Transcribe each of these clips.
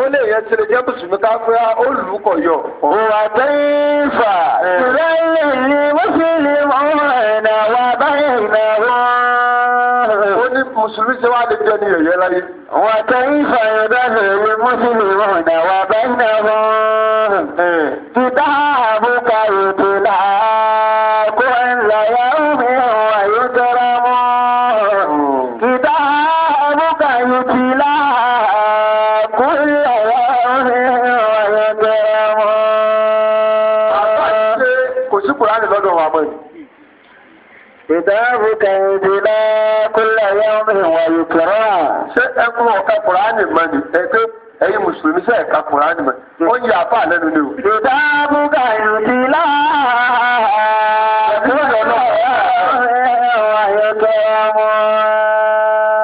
ó lè yẹ tí lè jẹ́ mùsùlùmí ká fẹ́ olùkọ́ yọ. òwà bẹ́ẹ̀ fà. ìrẹ́ ilé ni wọ́n fi lè wọ́n ẹ̀nà wà báyìí nà wọ́n. ó ní mùsùlùmí ṣe wá lè jẹ́ ní yẹ̀yẹ́ láyé. wà bẹ́ẹ̀ fà ẹ̀rọ bẹ́ẹ̀ fẹ̀rẹ̀ wọ́n lè wọ́n ẹ̀nà wà báyìí nà wọ́n. ti ẹ̀yin mùsùlùmí sẹ ẹka kùránì mọ ó yẹ àfa lẹ́nu ni o. ìdáàbò kàyọ̀dì láàárọ̀. ẹ̀ka lọ́nà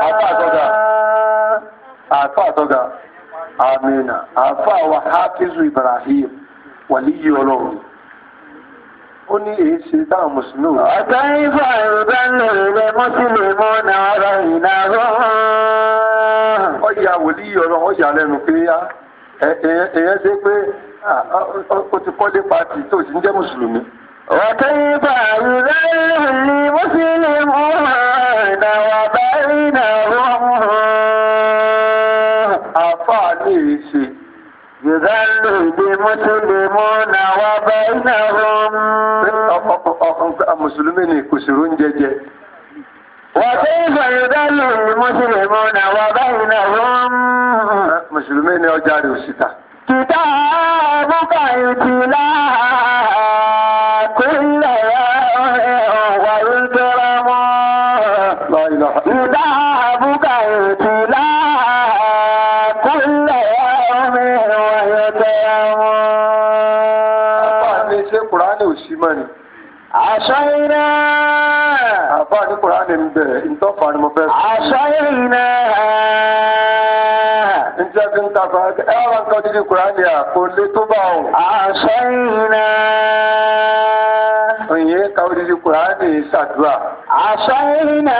àtọ́gà àfa àtọ́gà amina àfa wa hafizu ibrahim wàlíyí ọlọ́run. ó ní èyí ṣe táwọn mùsùlùmí. ọ̀tẹ́ ifá ìrùbá ńlọ rẹ̀ mọ́sílẹ̀ mọ́ náà ọ̀rọ̀ ìnáwó. ọ̀yà wòlíì ọ̀rọ̀ ọ̀yà lẹ́nu pé èèyàn ṣe pé ó ti kọ́lé pàtì tó ti ń jẹ́ mùsùlùmí. ọ̀tẹ́ ifá ìrùbá ńlọ rẹ̀ mọ́sílẹ̀ náà ọ̀rọ̀ ìnáwó. àfáà ní èyí ṣe. يذل المسلمون وبينهم المسلمين كسرون ججة وكيف يذل المسلمون وبينهم مسلمين يجاري الشتاء كتابك يتلاه lọ dídí kùránì àpò lé tó bá ò. àṣẹ iná. òye ka odidi kùránì ṣàdúrà. àṣẹ iná.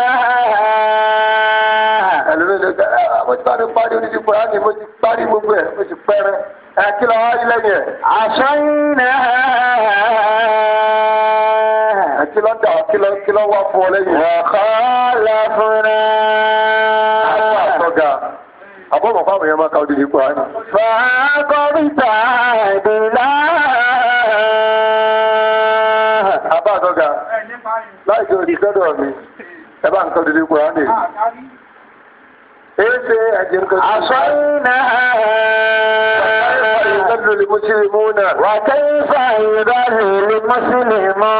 ẹlòmíràn lè gbẹ ah, mo ti bá mi parí odidi kùránì mo ti parí gbogbo ẹ mo ti pẹrẹ ẹ kí lọ wá ilé yẹn. àṣẹ iná. kí ló dà kí ló kí ló wá fún ọ lẹ́yìn. wàhálà fúnra. àwọn àtọ́gà àbọ̀mọ̀ fáwọn èèyàn máa ka òdìdí pa á. fàákọ́rìtà ìdílá. àbá àtọ́gà láì jẹ́ òdì sọ́dọ̀ mi ẹ bá ń ka òdìdí pa á nì. Ese ẹ̀jẹ̀ nǹkan tó ń bá. Aṣọ iná. Wàkàyífà ìdánilmùsílìmùnà. Wàkàyífà ìdánilmùsílìmùnà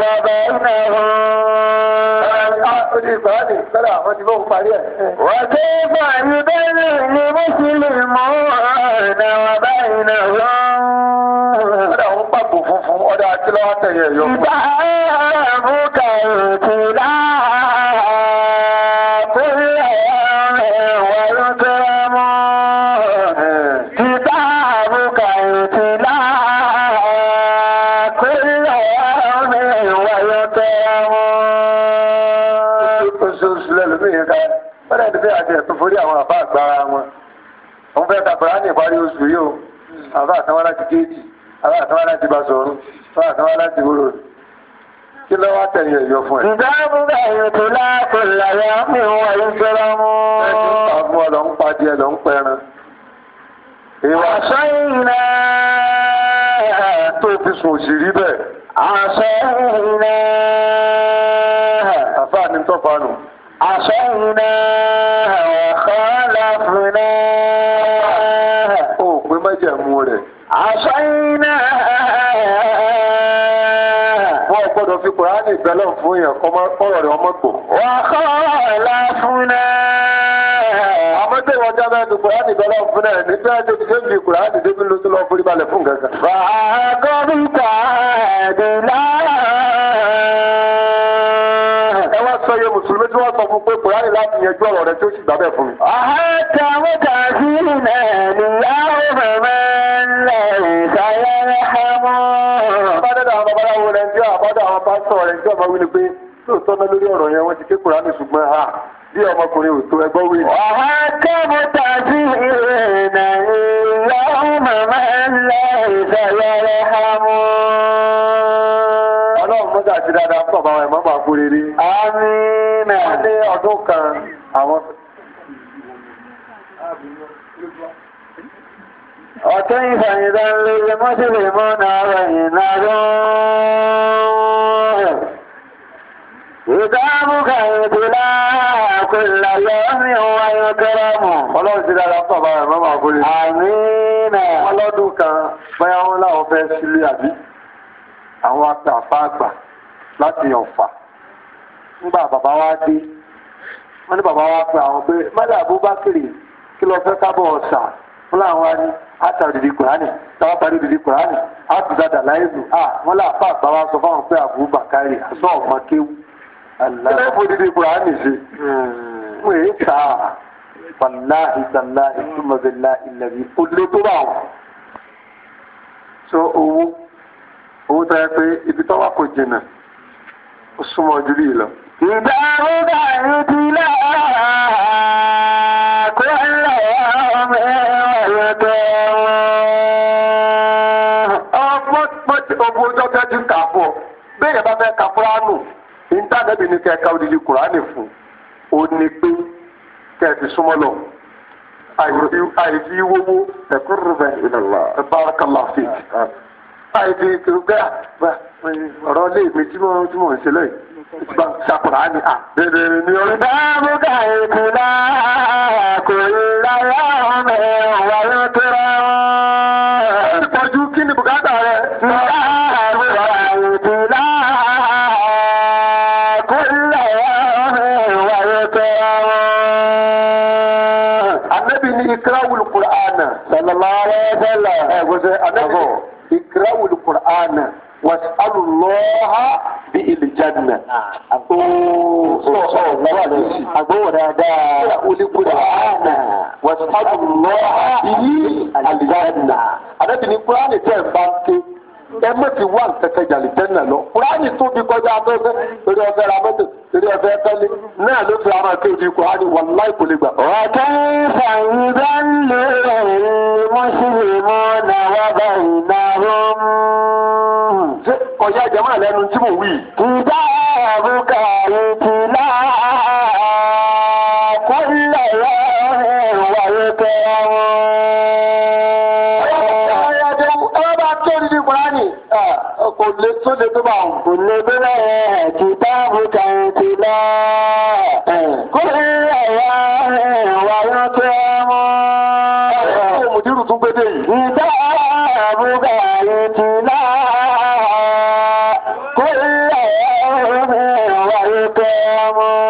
wà bẹ́ẹ̀ náà di ìgbàlè sọ́dà àwọn ti bọ́ọ̀ parí ẹ̀. wọ́n ké fà ní bẹ́ẹ̀ ni mùsùlùmí mọ́ ọ̀nà wà báyìí náà rán. ọ̀dà òun pàpò funfun ọ̀dà àti lọ́wọ́ tẹ̀yẹ̀ yọ. ìgbà àbúkà ètò àjò yìí o àbá àtàwọn láti géètì àbá àtàwọn láti basọ̀run àbá àtàwọn láti wúrò kí ló wá tẹ̀lé ẹ̀yọ fún ẹ. ìdáàbòbò àyètò láàkó làyà mi wà ìṣẹ́ra mọ́. ẹ ti ń pa fún ọ lọ pa díẹ̀ lọ ń pẹran. àṣọ ìrìnà tó fi sùn òṣèré bẹ́ẹ̀. àṣọ ìrìnà. àfáà ni tọ́fà nù. àṣọ ìrìnà. lè bẹ̀lẹ̀ fún èèyàn kọ́ ọ̀rọ̀ ọmọ gbò. wà á kọ́ ọ̀la fún náà. àmọ́tẹ́ wọn já bẹ́ẹ̀ dùkú láti bẹ̀lẹ̀ fún náà ní bẹ́ẹ̀ tó ti dé bí láti dé bí lọ forí balẹ̀ fún gàgà. wà á gọ́rí kàdé lára. ẹ wá sọ iye mùsùlùmí tí wọ́n sọ fún pé kùrà ní láti yanjú ọ̀rọ̀ rẹ̀ tí ó sì gbà fún mi. àhàtàwọ̀tà àwọn bá sọ̀rọ̀ rẹ̀ nígbà máa wí pé lóòótọ́ náà lórí ọ̀rọ̀ yẹn wọ́n ti ké kùránì ṣùgbọ́n ha bí ọmọkùnrin ò tó ẹgbọ́ wí. ìrìnà màmá ńlá ọlọ́run mọ́jà ti dáadáa fún ọ̀bá wa ẹ̀mọ́ kú rere. wọ́n ní ọdún kan àwọn. ọ̀tún mọ́ náà rẹ̀ yìí náà ìdáàbùkà ìdílá àkùnlá lọ́mí wa yóò tẹ́lá mọ̀. ọlọ́run ti dára fún àbára ìmọ̀ máa gbóni. àmínà. wọ́n lọ́dún kan báyà wọn láwọn fẹ́ sílé àbí àwọn àtàfà àgbà láti ọ̀fà nígbà bàbá wa dé wọ́n ní bàbá wa pe àwọn pé mọ́lẹ̀ àbúbákìrì kí lọ fẹ́ kábọ̀ ọ̀sà wọ́n làwọn á ní àtà òdìdí kùránì táwọn parí òdìdí kùránì àtúndàdà láìlù à wọ́n làpá àgbà wa sọ fáwọn pé àbúbákàrì àṣọ ọ̀mọ kéwù ilé ìfòdìdì kùránì ṣe hmm. wọ́n èyí kà á wàláhì sàláhì túmọ̀bẹ̀lá ìlẹ̀bí olè tó bá wọn. so owó owó tó yẹ pé ibi tó wà kò jìnnà ó súnmọ́ ojú bí lọ. ìdárúdà ìdílé kó lè ọmọ ẹ̀rọ tó wọn. ọmọ ọjọ́ kẹjú kà fún ọ bẹ́ẹ̀ yẹn bá fẹ́ kà fúránù intanẹti ni kẹ ká odidi kuraani fún o ní pé kẹ fi súnmọ́ lọ àìfi wowó ẹbárakàlá fi àìfi kẹrùgbẹ ọ̀rọ̀ lé mi tí mo tí mo ń ṣe lẹ́yìn ìgbà sakura a. bèrè ni orí. báwo ká ètò kò rí rárá ọmọ ẹ̀ wáyé. agbowó dáadáa oníkúrẹ́ àná wọ́n ti fájú lọ́wọ́ ìlú àlùjáde náà àdébìnrin kúránì tẹ̀ ń bá ń ké ẹ má ti wá nkẹkẹ jàlìjẹ́nà lọ kúránì tóbi kọjá afẹ́fẹ́ torí ọ̀fẹ́ ra torí ọ̀fẹ́ fẹ́lẹ́ náà ló fi ara kéde kúránì wàláì kò lè gbà. ọ̀kẹ́ ìfàyídá ń lè rẹ̀ mọ́sílẹ̀mọ́ náà wá báyìí náà ṣé ọ̀yá jẹ́mọ́ lẹ́nu tí mo wí. ìdá àbúkà ìtìlá kọ́lẹ̀ rẹ̀ wáyé tẹ́ kò tó lè tó bá wọn. kò lè tó lè kí táàbù kan ti lọ. kó rí ẹ̀yà wà ló tẹ́ mọ́. ẹ̀rọ mùdírù tún gbé dé yìí. ìta àbúgbà yìí ti lọ. kó rí ẹ̀yà wà ló tẹ́ mọ́.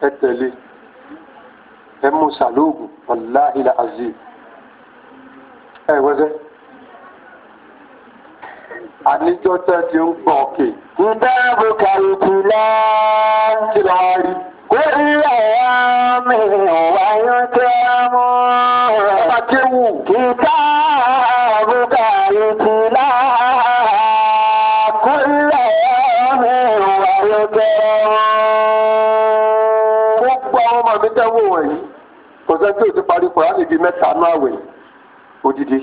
ẹ tẹ̀lé ẹ mú sàlóògùn ọ̀làhìlà azeem ẹ wẹ́sẹ̀ àníjọ́ tẹ́ ti ń gbọ́ òkè. ìdáàbò kàlùkù láti lọ rí. kó rí àwọn àmì ìwà yóò parí kùránì bíi mẹ́ta nú àwẹ̀ odidi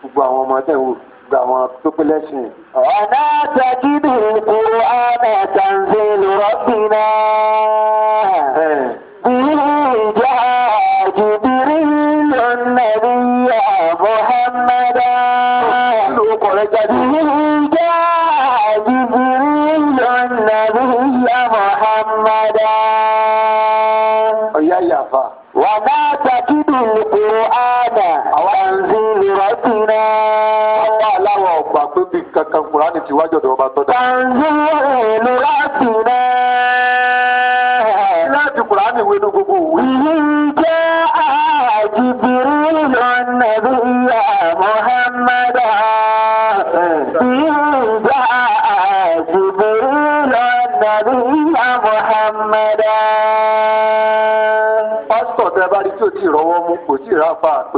gbogbo àwọn ọmọ wò gbogbo àwọn tó pé lẹ́sìn. ọ̀nà àtàkì bìrì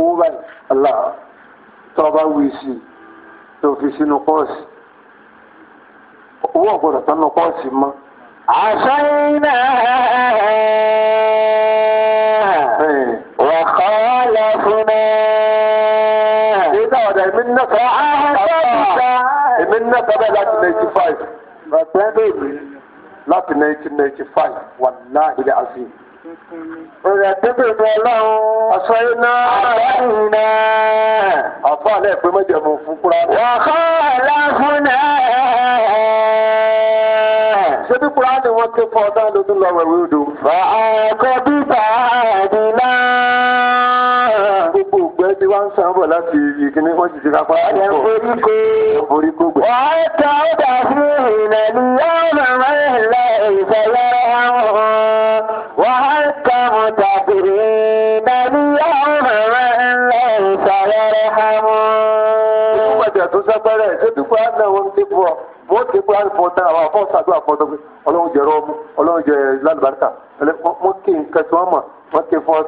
owó báyìí Allah tó o bá wí sí tó fi sínú pọ́ọ̀sì owó ọ̀gbọ́dọ̀ tán nu pọ́ọ̀sì mọ́. àṣà iná wà kọ́ lọ́fún èyí táwọn ọ̀dà èmi ń ná sọ èmi ń sọ bẹ́ẹ̀ láti ninety five. bàbá bẹ́ẹ̀ láti nineteen ninety five wàlláhi azim. Bẹ̀rẹ̀ àtẹ́bẹ̀ ìlú ọlọ́run ọ̀ṣọ́ iná iná. Àfáà náà pé mẹ́jẹ̀mú fún kúrá. Wàhálà aláfún náà. Ṣé bí kúrá ni wọ́n ké fún ọ̀dọ́ àdójú lọ́wọ́ ìwé odò? Fàákọ́bí. ní wọ́n ti ti kápá. ẹ̀jẹ̀ ń forí kó. ẹ̀jẹ̀ ń forí kó gbẹ. wàá ta ó dà sí ìrìnàlú yóò màmá ìlà ìfẹ̀lẹ́ wọn. wàá ta mo tàbí ìrìnàlú yóò màmá ìlà ìfẹ̀lẹ́ wọn. inú wájà tó sápẹ́rẹ́ ṣé dúpọ̀ àná wọn ti fọ wọ́n ti pé àlùfọ́ tán àwọn afọ́nsá àdúrà fọ́ ọlọ́run jẹ rọ́ọ̀mù ọlọ́run jẹ lálùbáríkà mọ́kì nǹkan mọ́kì fọ́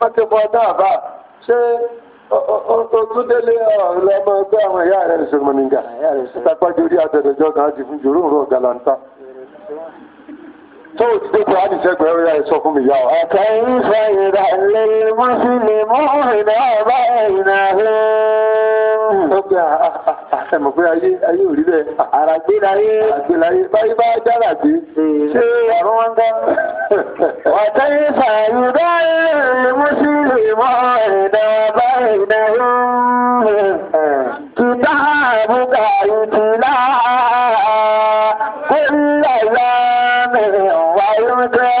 mọ́kì fọ́ àbá ṣé Otúndélé ọ̀rọ̀ ọmọ ẹgbẹ́ àwọn ẹ̀yà rẹ̀ ṣòmọ̀nìgà, tàpá jórí àtẹ̀dẹ̀jọ́ kan á ti fún jòrò òrò ọ̀gá lantá tó o ti dé kó a nìṣẹ́ gbẹ̀rẹ̀ ya sọ fún mi yá o. ọ̀kẹ́ ìfẹ́ ìdàlẹ́ mùsùlùmí ìdá ọba ìnà rẹ̀. ó gbé àṣẹmọ̀ pé ayé ayé ò rí bẹ́ẹ̀. àràgbélayé àràgbélayé báyé bá jára dé. ṣé àrùn wọn dá. ọ̀kẹ́ ìfẹ́ ìdàlẹ́ mùsùlùmí ìdá ọba ìnà rẹ̀. kìtà àbúkà ìtìlá kó ń lọ lọ́nà. يتلى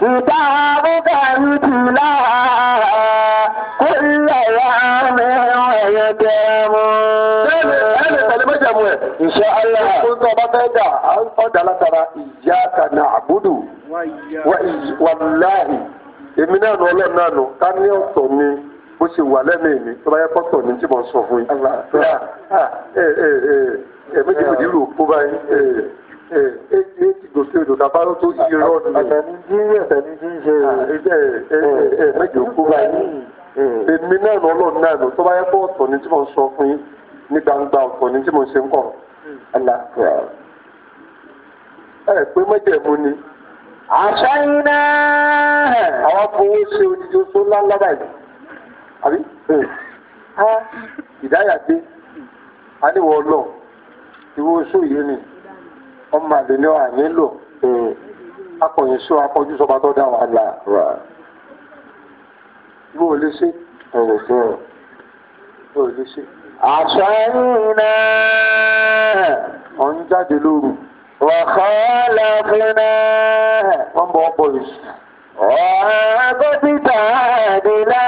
كتابك يتلى كل يوم ويتلى إن شاء الله كنت بقيت أنت لترى إياك نعبد والله èmi náà nù ọlọ́run náà nù ká ní ọ̀sọ̀ mi bó ṣe wà lẹ́nu èmi tó gòsè odò tàbárò tó yí irọ́ ni. àtàní tí ń yẹ àtàní tí ń ṣe ẹ mẹjọ kó báyìí. èmi náà nù ọlọ́run náà nù tó bá yẹ kó ọ̀tọ̀ ni tí mo ń sọ fún yín ní gbangba ọ̀tọ̀ ni tí mo ń ṣe ń kọ̀. ẹ pé mẹ́jẹ̀mú ni. àṣà iná. àwọn fowó ṣe odidi tó ńláńlá báyìí. àbí ìdáyà dé a níwọ̀ ọlọ́ọ̀ ìwọ oṣù yìí ni ọmọ àlè ni wà nílò akọ̀yìn sí akọjú sọba tó dá wà là bó o lè ṣe ọ̀rọ̀ fún ọ bó o lè ṣe. àṣà náà. ọ̀n jáde lóru. وخالقنا وما بويس وعبدت عدلا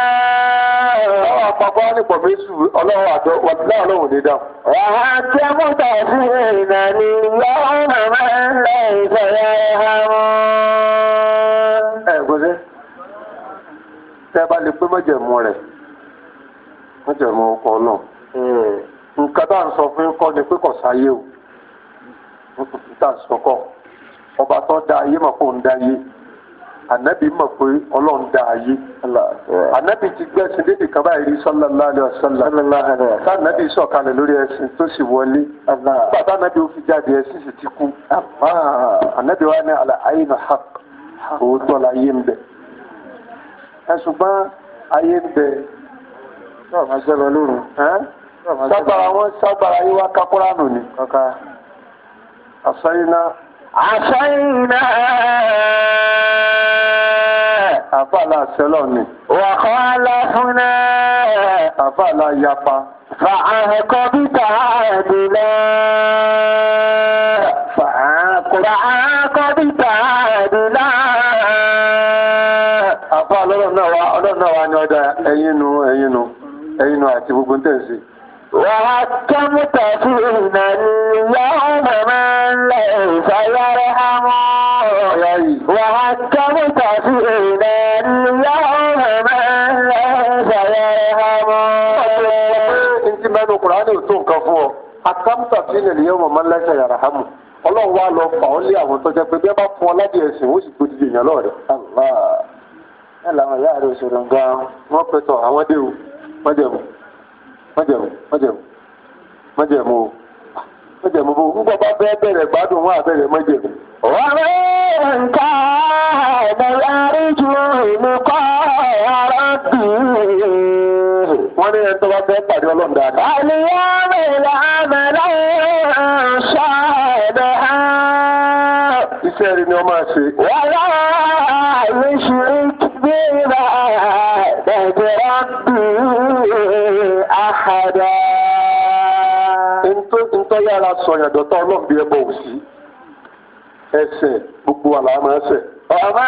sì pọ̀ fésù ọlọ́run àjọ wàdúrà ọlọ́run ní dáhùn. wàá kẹ́múta sí ìnáni lọ́wọ́n máa ń lọ ìfẹ̀yà ẹ̀hà wọn. ẹ gbọ́dọ̀ tẹ́ bá lè pé mọ́jẹ̀mú rẹ̀ mọ́jẹ̀mú ọkọ̀ náà nǹkan tá à ń sọ fún kọ́ ni pé o nǹkan tá à ń sọ kọ́ ọba tó ànábì mọ̀ pé ọlọ́run dá ayé ànábì ti gbẹ́sìn débi kan báyìí rí sallallahu alaihi wasallam sànábì sọ̀kalẹ̀ lórí ẹṣin tó sì wọlé bàbá ànábì ó fi jáde ẹṣin sì ti kú ànábì wa ní àlà ayé nà hàk òótọ́ la ayé ń bẹ ẹ ṣùgbọ́n ayé ń bẹ sábàá wọn sábàá ayé wa kakúránù ni àṣàyìn náà. àṣàyìnà àfàlà sẹlọ ni. wàhọ́ aláfúnná àfàlà yapa. fàákọ́bítà àdìlá. fàákọ́bítà àdìlá. àfà ọlọ́run náà wá ọlọ́run náà wá ní ọjà ẹ̀yìn nu ẹ̀yìn فيرحمون وحكمت في نار اليوم من لا سيرحمون انت ما wa lọ fà ọ́ lé àwọn tó jẹ́ pé bí ẹ bá fún ọ ládìí ẹ̀sìn ó sì gbòdì èèyàn lọ́rẹ̀. ẹ làwọn ìyá rẹ òṣèlú gan-an wọ́n pẹ̀tọ̀ àwọn dé o májẹ̀mú májẹ̀mú májẹ̀mú o. mẹjẹ mọ fún bàbá bẹ́ẹ̀ bẹ̀rẹ̀ gbádùn wọn àbẹ̀rẹ̀ mẹjẹ. ọ̀rẹ́ nǹka ẹ̀dẹ̀lárí ju ìlú kọ́ ọ̀rọ̀ bì wọ́n ní ẹni tó bá fẹ́ pàdé ọlọ́run dáadáa. àlùyá mi là mẹ́lá ṣọ́ ẹ̀dẹ̀ á. iṣẹ́ rẹ̀ ni wọ́n máa ṣe. wàhálà mi ṣe bí ra ẹ̀dẹ̀ bì yára sọ̀yàn dọ̀tọ̀ ọlọ́ọ̀bí ẹbọ òsì ẹsẹ̀ gbogbo àlà máa ṣẹ̀. ọmọ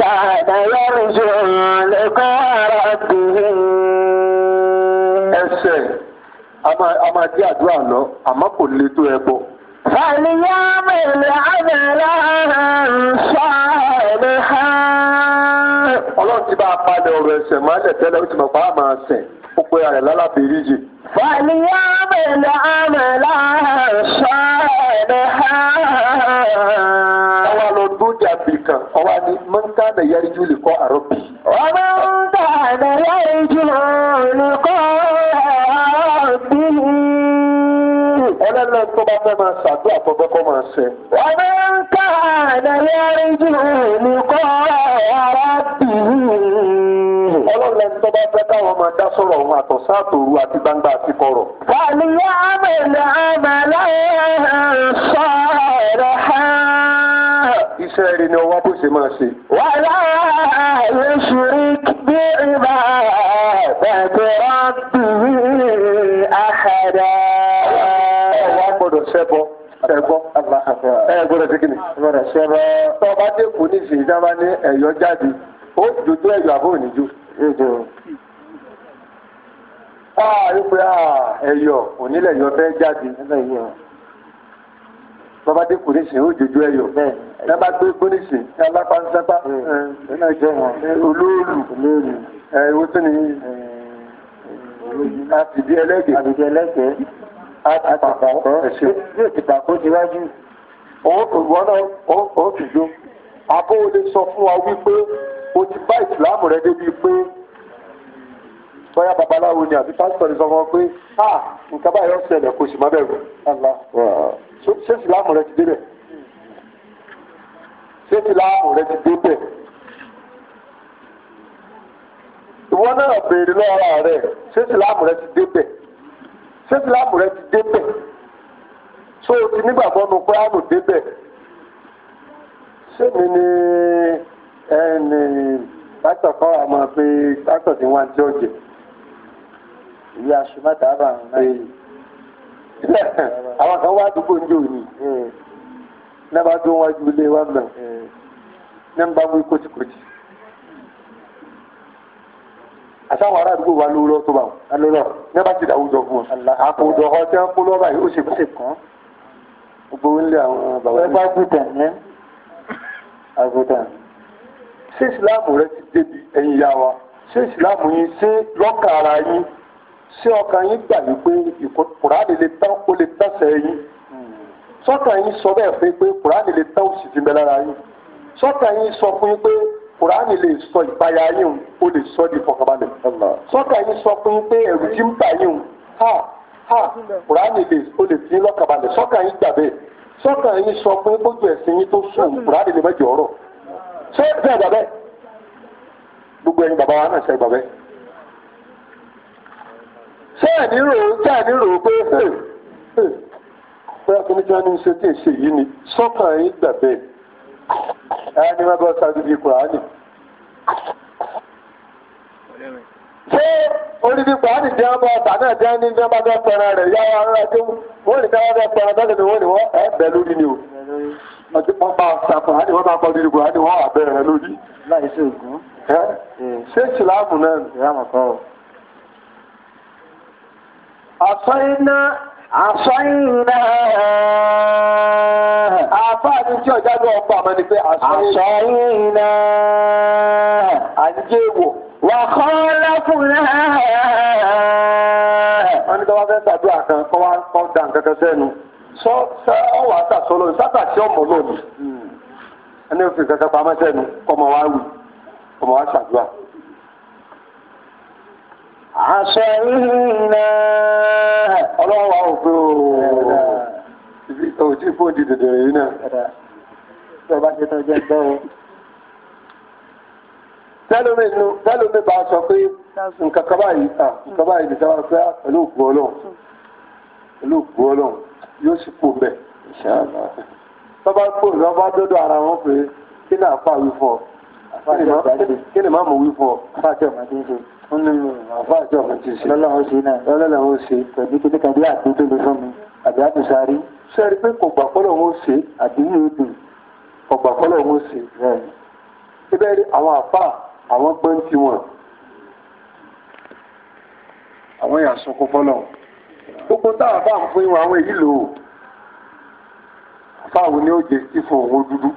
kàdà yọrù jù lẹ́kọ́ ara bìí. ẹsẹ̀ a máa jẹ́ àdúrà lọ àmọ́ kò le tó ẹbọ. فليعمل عملا صالحا ọlọ́run ti bá a palẹ̀ ọ̀rọ̀ ẹ̀ṣẹ̀ máa ń tẹ̀tẹ́lẹ̀ ó ti mọ̀ pa á máa sìn ó pe ara ẹ̀ lálàbẹ̀rẹ̀ فليعمل عملا صالحا Àwọn olùdójà bìkan, ọwọ́ ni mọ́ńtà nà yẹrìjú lè kọ́ àrọ́bì. Ọmọ ńta nà yẹrìjú lè kọ́ àrọ́bì. Ẹlẹ́lẹ́ tó bá fẹ́ máa ṣàdúrà tó fẹ́ kọ́ máa ṣe. Ọmọ ńta nà yẹrìjú lè kọ́ àrọ́bì ọlọ́run ẹni tó bá fẹ́ káwọn máa dá sọ̀rọ̀ òun àtọ̀sán àtòru àti gbangba àti kọ̀rọ̀. wàlíyá àmàlà àmàlà sọ̀rọ̀ ha. iṣẹ́ rẹ̀ ni ọwọ́ bó ṣe máa ṣe. wàlá ìṣirí bí ìbá bẹ̀rẹ̀ rántí àhàdà. ọwọ́ gbọ́dọ̀ ṣẹ́bọ̀ ẹgbọ́ ẹgbọ́dọ̀ ṣe kìnnì. ṣẹ́bọ̀ tọ́ba dẹ́kun ní ìṣèjọba ní ẹ̀yọ́ jáde ó dòdó ẹ̀yọ́ àbọ̀ òníjó a ah, yóò pé aa ah, ẹyọ onílẹ̀ yọ fẹ́ jáde bàbá dé kò ní sìn ó jojú ẹyọ ní bá gbé kó ní sìn ní alápáńsápá olóòlù ẹ̀wọ́ tó ní àtìdí ẹlẹ́gẹ̀ẹ́ àtìpàkọ́ ẹ̀ṣẹ̀ yóò ti pàkó síwájú òun o. gbọ́dọ̀ òun kò dùn àbó o lè sọ fún wa wípé o ti bá ìsìláàmù rẹ débi pé bóyá babaláwo ni àbí pásítọ̀ ní sọ fún ọ pé a ah, nǹkan báyìí ọ̀sẹ̀ ẹ̀dẹ̀ kò sì má bẹ̀rù ṣé ìsìláàmù rẹ ti débẹ̀ ṣé ìsìláàmù rẹ ti débẹ̀ ìwọ náà béèrè lọ́wọ́ rẹ ṣé ìsìláàmù rẹ ti débẹ̀ ṣé ìsìláàmù rẹ ti débẹ̀ ṣé o ti nígbàgbọ́ nu pé àánú débẹ̀ ṣé mi ni actor kọ́ àmọ́ pé actor ti wá tí ó jẹ. ìwé aṣọ mẹ́ta bá ń rán yìí. àwọn kan wá àdúgbò ní òní. nẹ́ẹ̀bá tó wọ́n ju ilé wa mọ̀. nẹ́ẹ̀bá mú kòtìkòtì. àtàwọn ará àdúgbò wa ló lọ tó bá wọn. ló lọ nẹ́ẹ̀bá ti dàwùjọ fún wọn. àpòjọ ọjọ́ ń kó lọ́ba yìí ó sì kó sì kàn. gbogbo ń lé àwọn bàbá yìí. ẹ bá gùn tẹ̀ ní ṣé ìsìláàmù rẹ ti débi ẹ̀yin ìyá wa ṣé ìsìláàmù yín ṣé lọ́kàn ara yín ṣé ọkàn yín gbà wípé kùránì lè tán ó lè tẹ̀sẹ̀ yín sọ́kàn yín sọ bẹ́ẹ̀ fún yín pé kùránì lè tán òsì ti bẹ lára yín sọ́kàn yín sọ fún yín pé kùránì lè sọ ìpayà yín ó lè sọ di fọkànbalẹ̀ sọ́kàn yín sọ fún yín pé ẹ̀rù ti ń bà yín ha ha kùránì lè ó lè fi lọ́kànbalẹ̀ sọ́kàn yín gbà bẹ́ẹ̀ sọ́kàn yín sọ fún yín gbójú ẹ̀sìn yín tó sùn kùránì lè mẹ́jọ ọ̀rọ̀. ṣé ṣe ìgbà gbogbo ẹni bàbá wa náà ṣe ìgbà bẹ́ẹ̀ ṣé ẹni rò ṣé ẹni rò pé ṣe pé akínníjà ní ṣe tí èṣe yìí ni sọ́kàn yín gbà bẹ́ẹ̀ ẹni má bọ́ ṣáàdìdì kùránì ṣé orídìí kùránì jẹ́ ọba ọ̀tà náà jẹ́ ní ní ọba bẹ́ẹ̀ rẹ̀ yára ọ̀rọ̀ ajé wọ́n ní bẹ́ẹ̀ ni wọ́n ní wọ́n ẹ̀ bẹ́ẹ̀ lórí ni o. wọ́n bá ṣàkùn àti wọ́n bá kọ́ nínú ìgbò àti wọ́n wà bẹ̀rẹ̀ rẹ lórí. láìsí ògún. ṣé ìsìláàmù náà ni. ìsìláàmù kọ́ ọ. àsọyìnà àsọyìnà. àfáà ni tí ọjà ló ọgbà mọ ni pé àsọyìnà. àsọyìnà. àdìjẹ́ èèwò. wà kọ́ lọ́kùnrin. wọ́n ní kí wọ́n fẹ́ ṣàdúrà kan kọ́ wá kọ́ da nǹkan kan sẹ́nu. sọ sọ ọwọ sọlọ lónìí sátàsí ọmọ lónìí hmm. ẹni òfin kankan pamọ́ sẹ́nu ọmọ wa wù ọmọ wa ṣàdúrà. aṣọ ìhìnà ọlọ́wọ́ o òjì fún òdì dèdè yìí náà. tí nu a sọ pé nǹkan báyìí nǹkan báyìí nìkan pẹ̀lú yóò sì kú bẹ̀ ìṣáàlá bàbá kó bàbá dọ́dọ̀ ara wọn pé kí ni àfa wí fọ kí ni màmú wí fọ àfa àti ọmọ tí ń ṣe wọn ní àfa àti ọmọ tí ń ṣe lọ́lọ́wọ́ ṣe náà lọ́lọ́wọ́ ṣe pẹ̀lú kí ní kàdé àti tó lè fún mi àbí àtúnṣárí sẹ́ẹ̀rí pé kò gbà fọ́lọ́ wọn ṣe àbí ní odò kò gbà fọ́lọ́ wọn ṣe ibẹ̀ àwọn àfa àwọn gbọ́n tiwọn àwọn yà kó fọ́lọ́ wọn gbogbo táwọn bá ń fún ìwọ̀n àwọn èyí lò ó fáwọn ní oje sí fún òun dúdú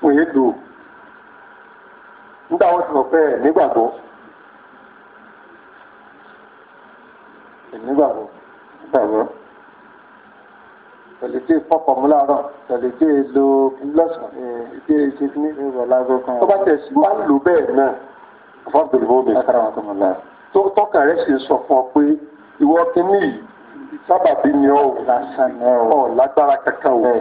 fún èyí lò ó nígbà wọn ti mọ̀ pé ẹ̀ nígbàgbọ́ ẹ̀ nígbàgbọ́ tí pọ́pọ̀ mú láàárọ̀ pẹ̀lú tí lo lọ́sàn-án tí èsì ní ìrọ̀lágbó kan. tó bá tẹ̀ sí wàá lò bẹ́ẹ̀ náà fọ́ọ̀bù ìbò mi. tó tọ́ka rẹ̀ sì sọ fún ọ pé ìwọ kìíní yìí sábàbí ni ó ọ lágbára kankan o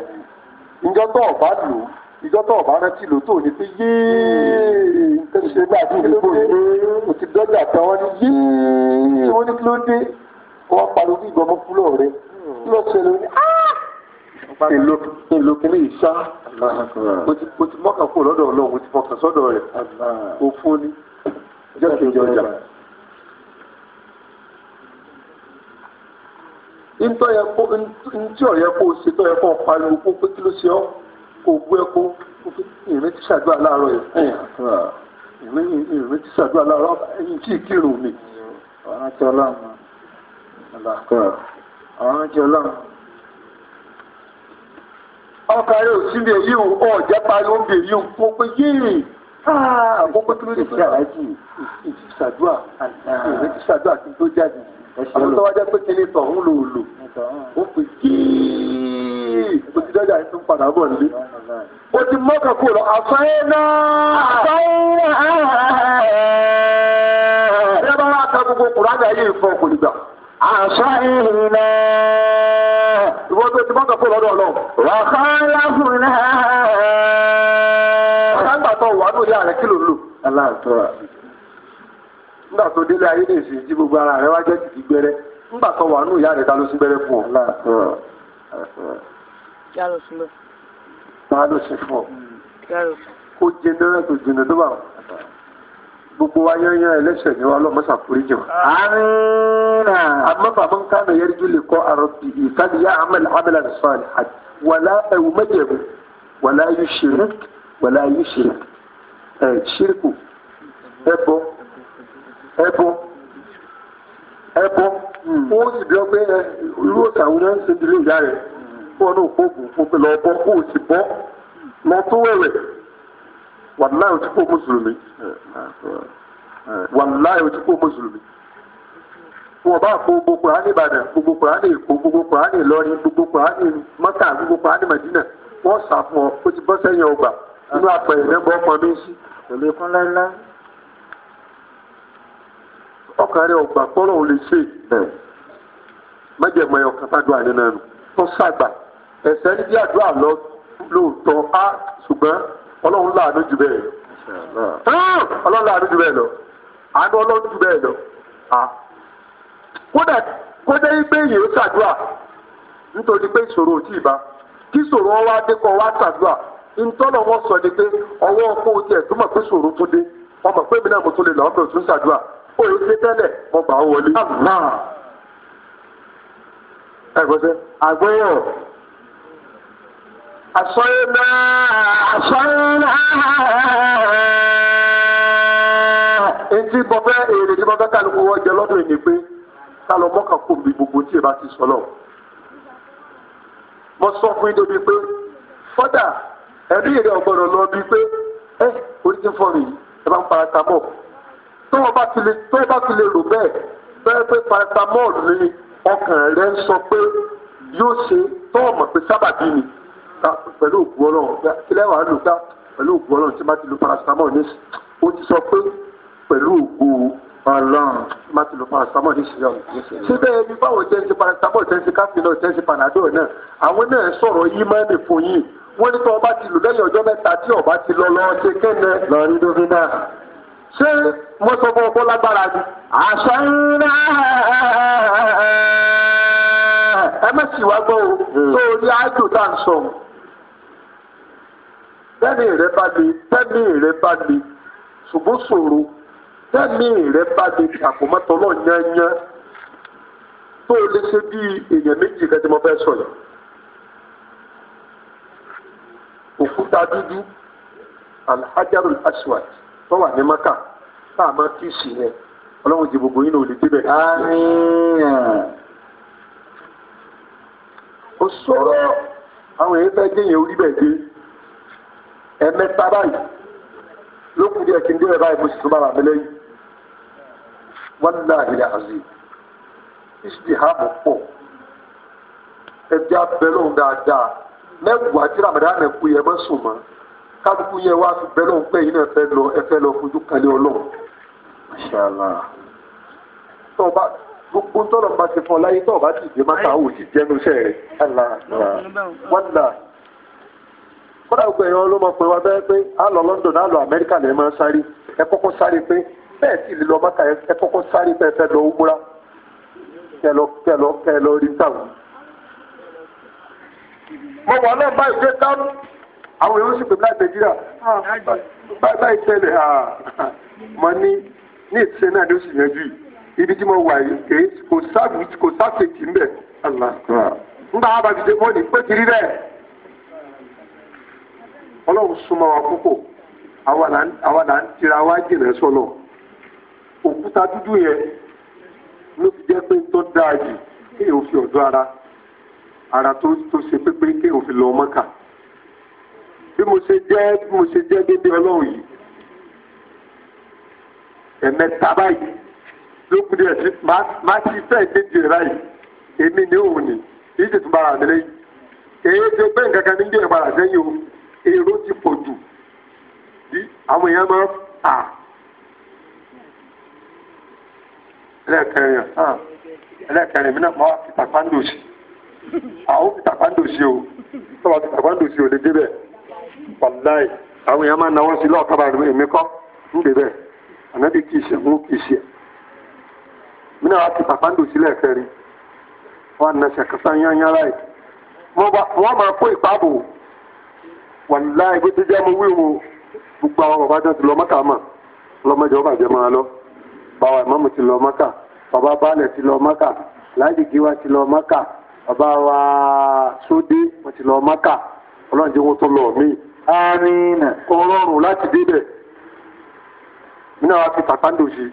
ìjọ tó o bá lò ìjọ tó o bá rántí lò tó o ní pé yéé hmm. ṣe gbà tó o bò ṣe o ti dọ́jà tán wọ́n ní yéé hmm. wọ́n ní kí ló dé wọ́n pariwo bí ìgbọ́mọ́ kúlọ̀ rẹ hmm. kí ló ṣe lórí èlò kìíní ìṣá o ti mọ́kàn kúrò lọ́dọ̀ ọlọ́run o ti fọkàn sọ́dọ̀ rẹ̀ òfun ni ìjọ kejì ọjà. ntọ́ yẹ kó ntí ọ̀ yẹ kó o ṣe tọ́ yẹ kó o pariwo kó o pé kí ló ṣe ọ́ kó o bú ẹ kó o fi ìrìn tí ṣàdúrà láàárọ̀ yẹ ìrìn ìrìn tí ṣàdúrà láàárọ̀ ẹ̀yìn tí ìkírun mi. ọ̀rọ̀ ti ọlọ́run ọ̀rọ̀ ti ọlọ́run. ọkàn ò sí mi èyí ò jẹ́ pariwo mi èyí ò kó pé yéèrè àkọ́kọ́ kí ló lè ṣe àlájì ìṣàdúà ìwé ti ṣàdúà kí n tó jáde àwọn tó wájá pé kíní tọ̀ ń lò lò ó pè kíì ó ti dájà tó ń padà bọ̀ nílé ó ti mọ́kà kúrò lọ àfáyé náà àfáyé náà ẹ bá wá ka gbogbo kùránì ayé ìfọ̀ kò nígbà àfáyé náà ìwọ́n tó ti mọ́kà kúrò lọ́dọ̀ ọlọ́run wàhálà fún náà. orí ààrẹ kí ló lò nígbà délé ayé lè ṣe gbogbo ara rẹ wá jẹ́ kìkì gbẹrẹ nígbà tó wà nù ìyá rẹ ta ló sí gbẹrẹ fún ọ kí lọ sí lọ. ta fún ọ. kí lọ sí. kó gbogbo wa yányán ni lọmọ àmọ́ bàbá ju lè kọ́ wàlá ẹ̀wù wàlá ṣe rẹ̀ wàlá ṣírkù Ebo Ebo ẹbọ ó yìí bíọ́ pé irú òtà àwọn náà ń ṣe ìyá rẹ̀ kó náà kóògùn fún pé lọ bọ́ kó o sì bọ́ lọ tó wẹ̀wẹ̀ wàláì ó ti kó mùsùlùmí ti kó mùsùlùmí wọn bá kó gbogbo kùránì ìbàdàn gbogbo kùránì èkó gbogbo ìlọrin gbogbo gbogbo madina ọ ti ọgbà inú ọmọ pẹ̀lú ikún láíláí ọ̀kàrẹ́ ọgbà ò lè ṣe ẹ̀ mẹ́jẹ̀mọ́ ẹ̀yọ̀ kátàdúrà nínú tó ẹ̀sẹ̀ ní àdúrà lọ lóòótọ́ á ṣùgbọ́n ọlọ́run láàánú jù bẹ́ẹ̀ ọlọ́run láàánú jù bẹ́ẹ̀ lọ àánú ọlọ́run jù bẹ́ẹ̀ lọ kódà kódà yìí ṣàdúrà nítorí pé ìṣòro ò bá kí ìṣòro wá ntọ́nà wọn sọ ni pé ọwọ́ ọkọ ojú ẹ̀ tó mọ̀ pé ṣòro tó dé ọmọ pé mi náà mo lè lọ́ọ́ bẹ̀rẹ̀ tún ṣàdúrà ó yẹ ṣe tẹ́lẹ̀ mo gbà á wọlé. ẹgbẹ́sẹ̀ àgbẹ̀yọ̀ àsọyìnbá àsọyìnbá. etí bọ́fẹ́ èrè tí bọ́fẹ́ kálukú wọ́n jẹ lọ́dún yìí pé kálọ̀ mọ́kà kò gbogbo tí ì bá ti sọ lọ. mo sọ fún yín débi pé fọ́dà ẹbí yẹn ọgbọ́dọ̀ lọ bíi pé ẹ orí ti ń fọ mi ẹ bá ń paracetamol tó o bá ti lè tó o bá ti lè rò bẹ́ẹ̀ bẹ́ẹ̀ pé paracetamol ni ọkàn rẹ ń sọ pé yóò ṣe tó o mọ̀ pé sábàbí ni pẹ̀lú òkú ọlọ́run kílẹ̀ wàá lò ká pẹ̀lú òkú ọlọ́run tí máa ti lo paracetamol ní o ti sọ pé pẹ̀lú òkú ọlọ́run tí máa ti lo paracetamol ní ṣìyàn síbẹ̀ ẹni báwo jẹ́ ń ṣe paracetamol tẹ́ ń ṣe káfíńnà tẹ́ ń ṣe panadol náà àwọn náà sọ̀rọ̀ yìí máa ń lè fún yìí wọ́n ní tó ọba ti lò lẹ́yìn ọjọ́ mẹ́ta tí ọba ti lọ lọ ṣe kéde lọ rí dókítà ṣé mo sọ fún ọkọ lágbára ni. àṣà ńlá ẹ má sì wá gbọ́ o hmm. tó o ní ájò tá à ń sọ. tẹ́mi rẹ bá le tẹ́mi rẹ bá le ṣùgbọ́n ṣòro tẹ́mi rẹ bá le àpòmọ́tò náà yányán tó o lè ṣe bí èèyàn méjì kẹ́tẹ́ mo fẹ́ sọ òkúta dúdú alhajarul aswad tó wà ní maka tá a máa kí sí yẹn ọlọ́run jẹ gbogbo yín náà ò lè débẹ̀. ó sọ̀rọ̀ àwọn èèyàn fẹ́ déyìn orí bẹ̀ dé ẹ̀mẹ́ta báyìí ló kù díẹ̀ kí n débẹ̀ báyìí mo sì tún bára mi lẹ́yìn wọ́n náà ìyá àzì ìsìdìhámù pọ̀ ẹ̀jẹ̀ abẹ́lóhùn dáadáa. mẹ́wàá tí ramadan kú yẹ mọ́ sùn mọ́ kálukú yẹ wá fi bẹ́ẹ̀ lọ́hùn pé yín náà fẹ́ lọ ẹ fẹ́ lọ fojú kalẹ̀ ọlọ́run. mashallah. gbogbo ti fún ọ láyé tó bá ti dé máta àwọn òsì jẹ́nu iṣẹ́ rẹ̀ gbogbo lọ London a lọ Amẹ́ríkà máa sáré ẹ kọ́kọ́ sáré pé bẹ́ẹ̀ sì lè lọ ẹ kọ́kọ́ sáré mo wà náà báyìí pé ká àwọn èèyàn sì pè láti nàìjíríà báyìí báyìí tẹ́lẹ̀ mo ní ní ìṣe náà ló sì yanjú ibi tí mo wà yìí kò sáàbù kò sáàkèjì ń bẹ̀ nígbà wà pé kiri bẹ́ẹ̀ ọlọ́run súnmọ́ wa púpọ̀ àwa là ń tira wa jìnà sọ́nà òkúta dúdú yẹn ló fi jẹ́ pé ń tọ́ ara. ara tó tó ṣe pépé kí òfin lọ mọ́kà bí mo ṣe jẹ́ bí mo ṣe jẹ́ dédé ọlọ́run yìí ẹ̀mẹ́ta báyìí lókùn díẹ̀ sí máa ti fẹ́ dédé rẹ̀ báyìí èmi ni òun ni yìí ti tún bára mi lẹ́yìn èyí ti pé nǹkan kan ní bí ẹ̀ padà sẹ́yìn o èrò ti pọ̀ jù bí àwọn èèyàn máa fà ẹlẹ́kẹrin ah, ẹlẹ́kẹrin mi náà máa fi tàpá ń àwọn ti tàpáńdò sí o tọ́wọ́ ti tàpáńdò sí o lè débẹ̀ wàláì àwọn èèyàn máa náwó sí lọ́ọ̀kọ́ bá èmi kọ́ ń débẹ̀ ànábì kì í ṣe mú kì í ṣe mí náà wá ti tàpáńdò sílẹ̀ kẹrin wọn àna ṣàkàtà yányá láì wọ́n máa kó ìpáàbò wàláì bó ti jẹ́ mo wí wo gbogbo àwọn bàbá jẹ́ ti lọ mọ́kà mà lọ́mọdé ọba jẹ́ máa lọ bàbá ìmọ̀mù ti lọ mọ́kà bàbá baálẹ̀ ti lọ mọ́kà láàdì bàbá wa sódé wọn ti lọ mọ́kà ọlọ́run jẹ́ wọn tó lọ mí. àmínà ọrọ̀rùn láti débẹ̀ nínú àwọn ti tàkàndò sí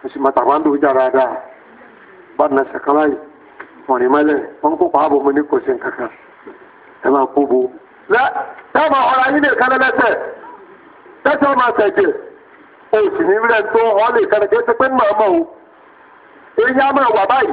mo sì mọ tàkàndò dáradára bá nà sàkáláyì wọn rí mọ́lẹ̀ wọn kó pàábọ̀ mo ní kò sí nǹkan kan ẹ máa kó bo. dábàá ọ̀rọ̀ ayé nìkan lẹ́sẹ̀ lẹ́sẹ̀ ọmọ àtẹ̀jẹ̀ o sì ní rẹ̀ tó ọ́ lè kẹ́rẹ́ kí ẹ ti pé màmá o èyí á máa wà báyìí.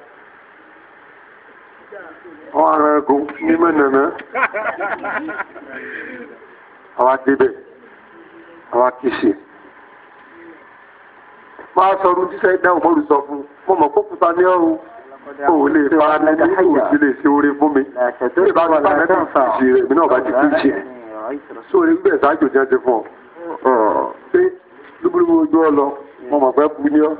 ọ̀rọ̀ ẹ̀gùn ní mẹ́nàná àwọn adébẹ̀ àwọn akíṣe máa sọrú jíṣẹ́ ìdá òmòrù sọ fún mo mọ̀ kó kúta ní ọrùn kò lè fara ní kò sí lè ṣe oore fún mi ìbá mi bá mẹ́ta ìṣe rẹ̀ mi náà bá ti kú ṣe sóore gbígbẹ̀ ṣáájú jẹ́ ti fún ọ ṣé lúbúrúbú ojú ọ lọ mo mọ̀ pé kú ní ọ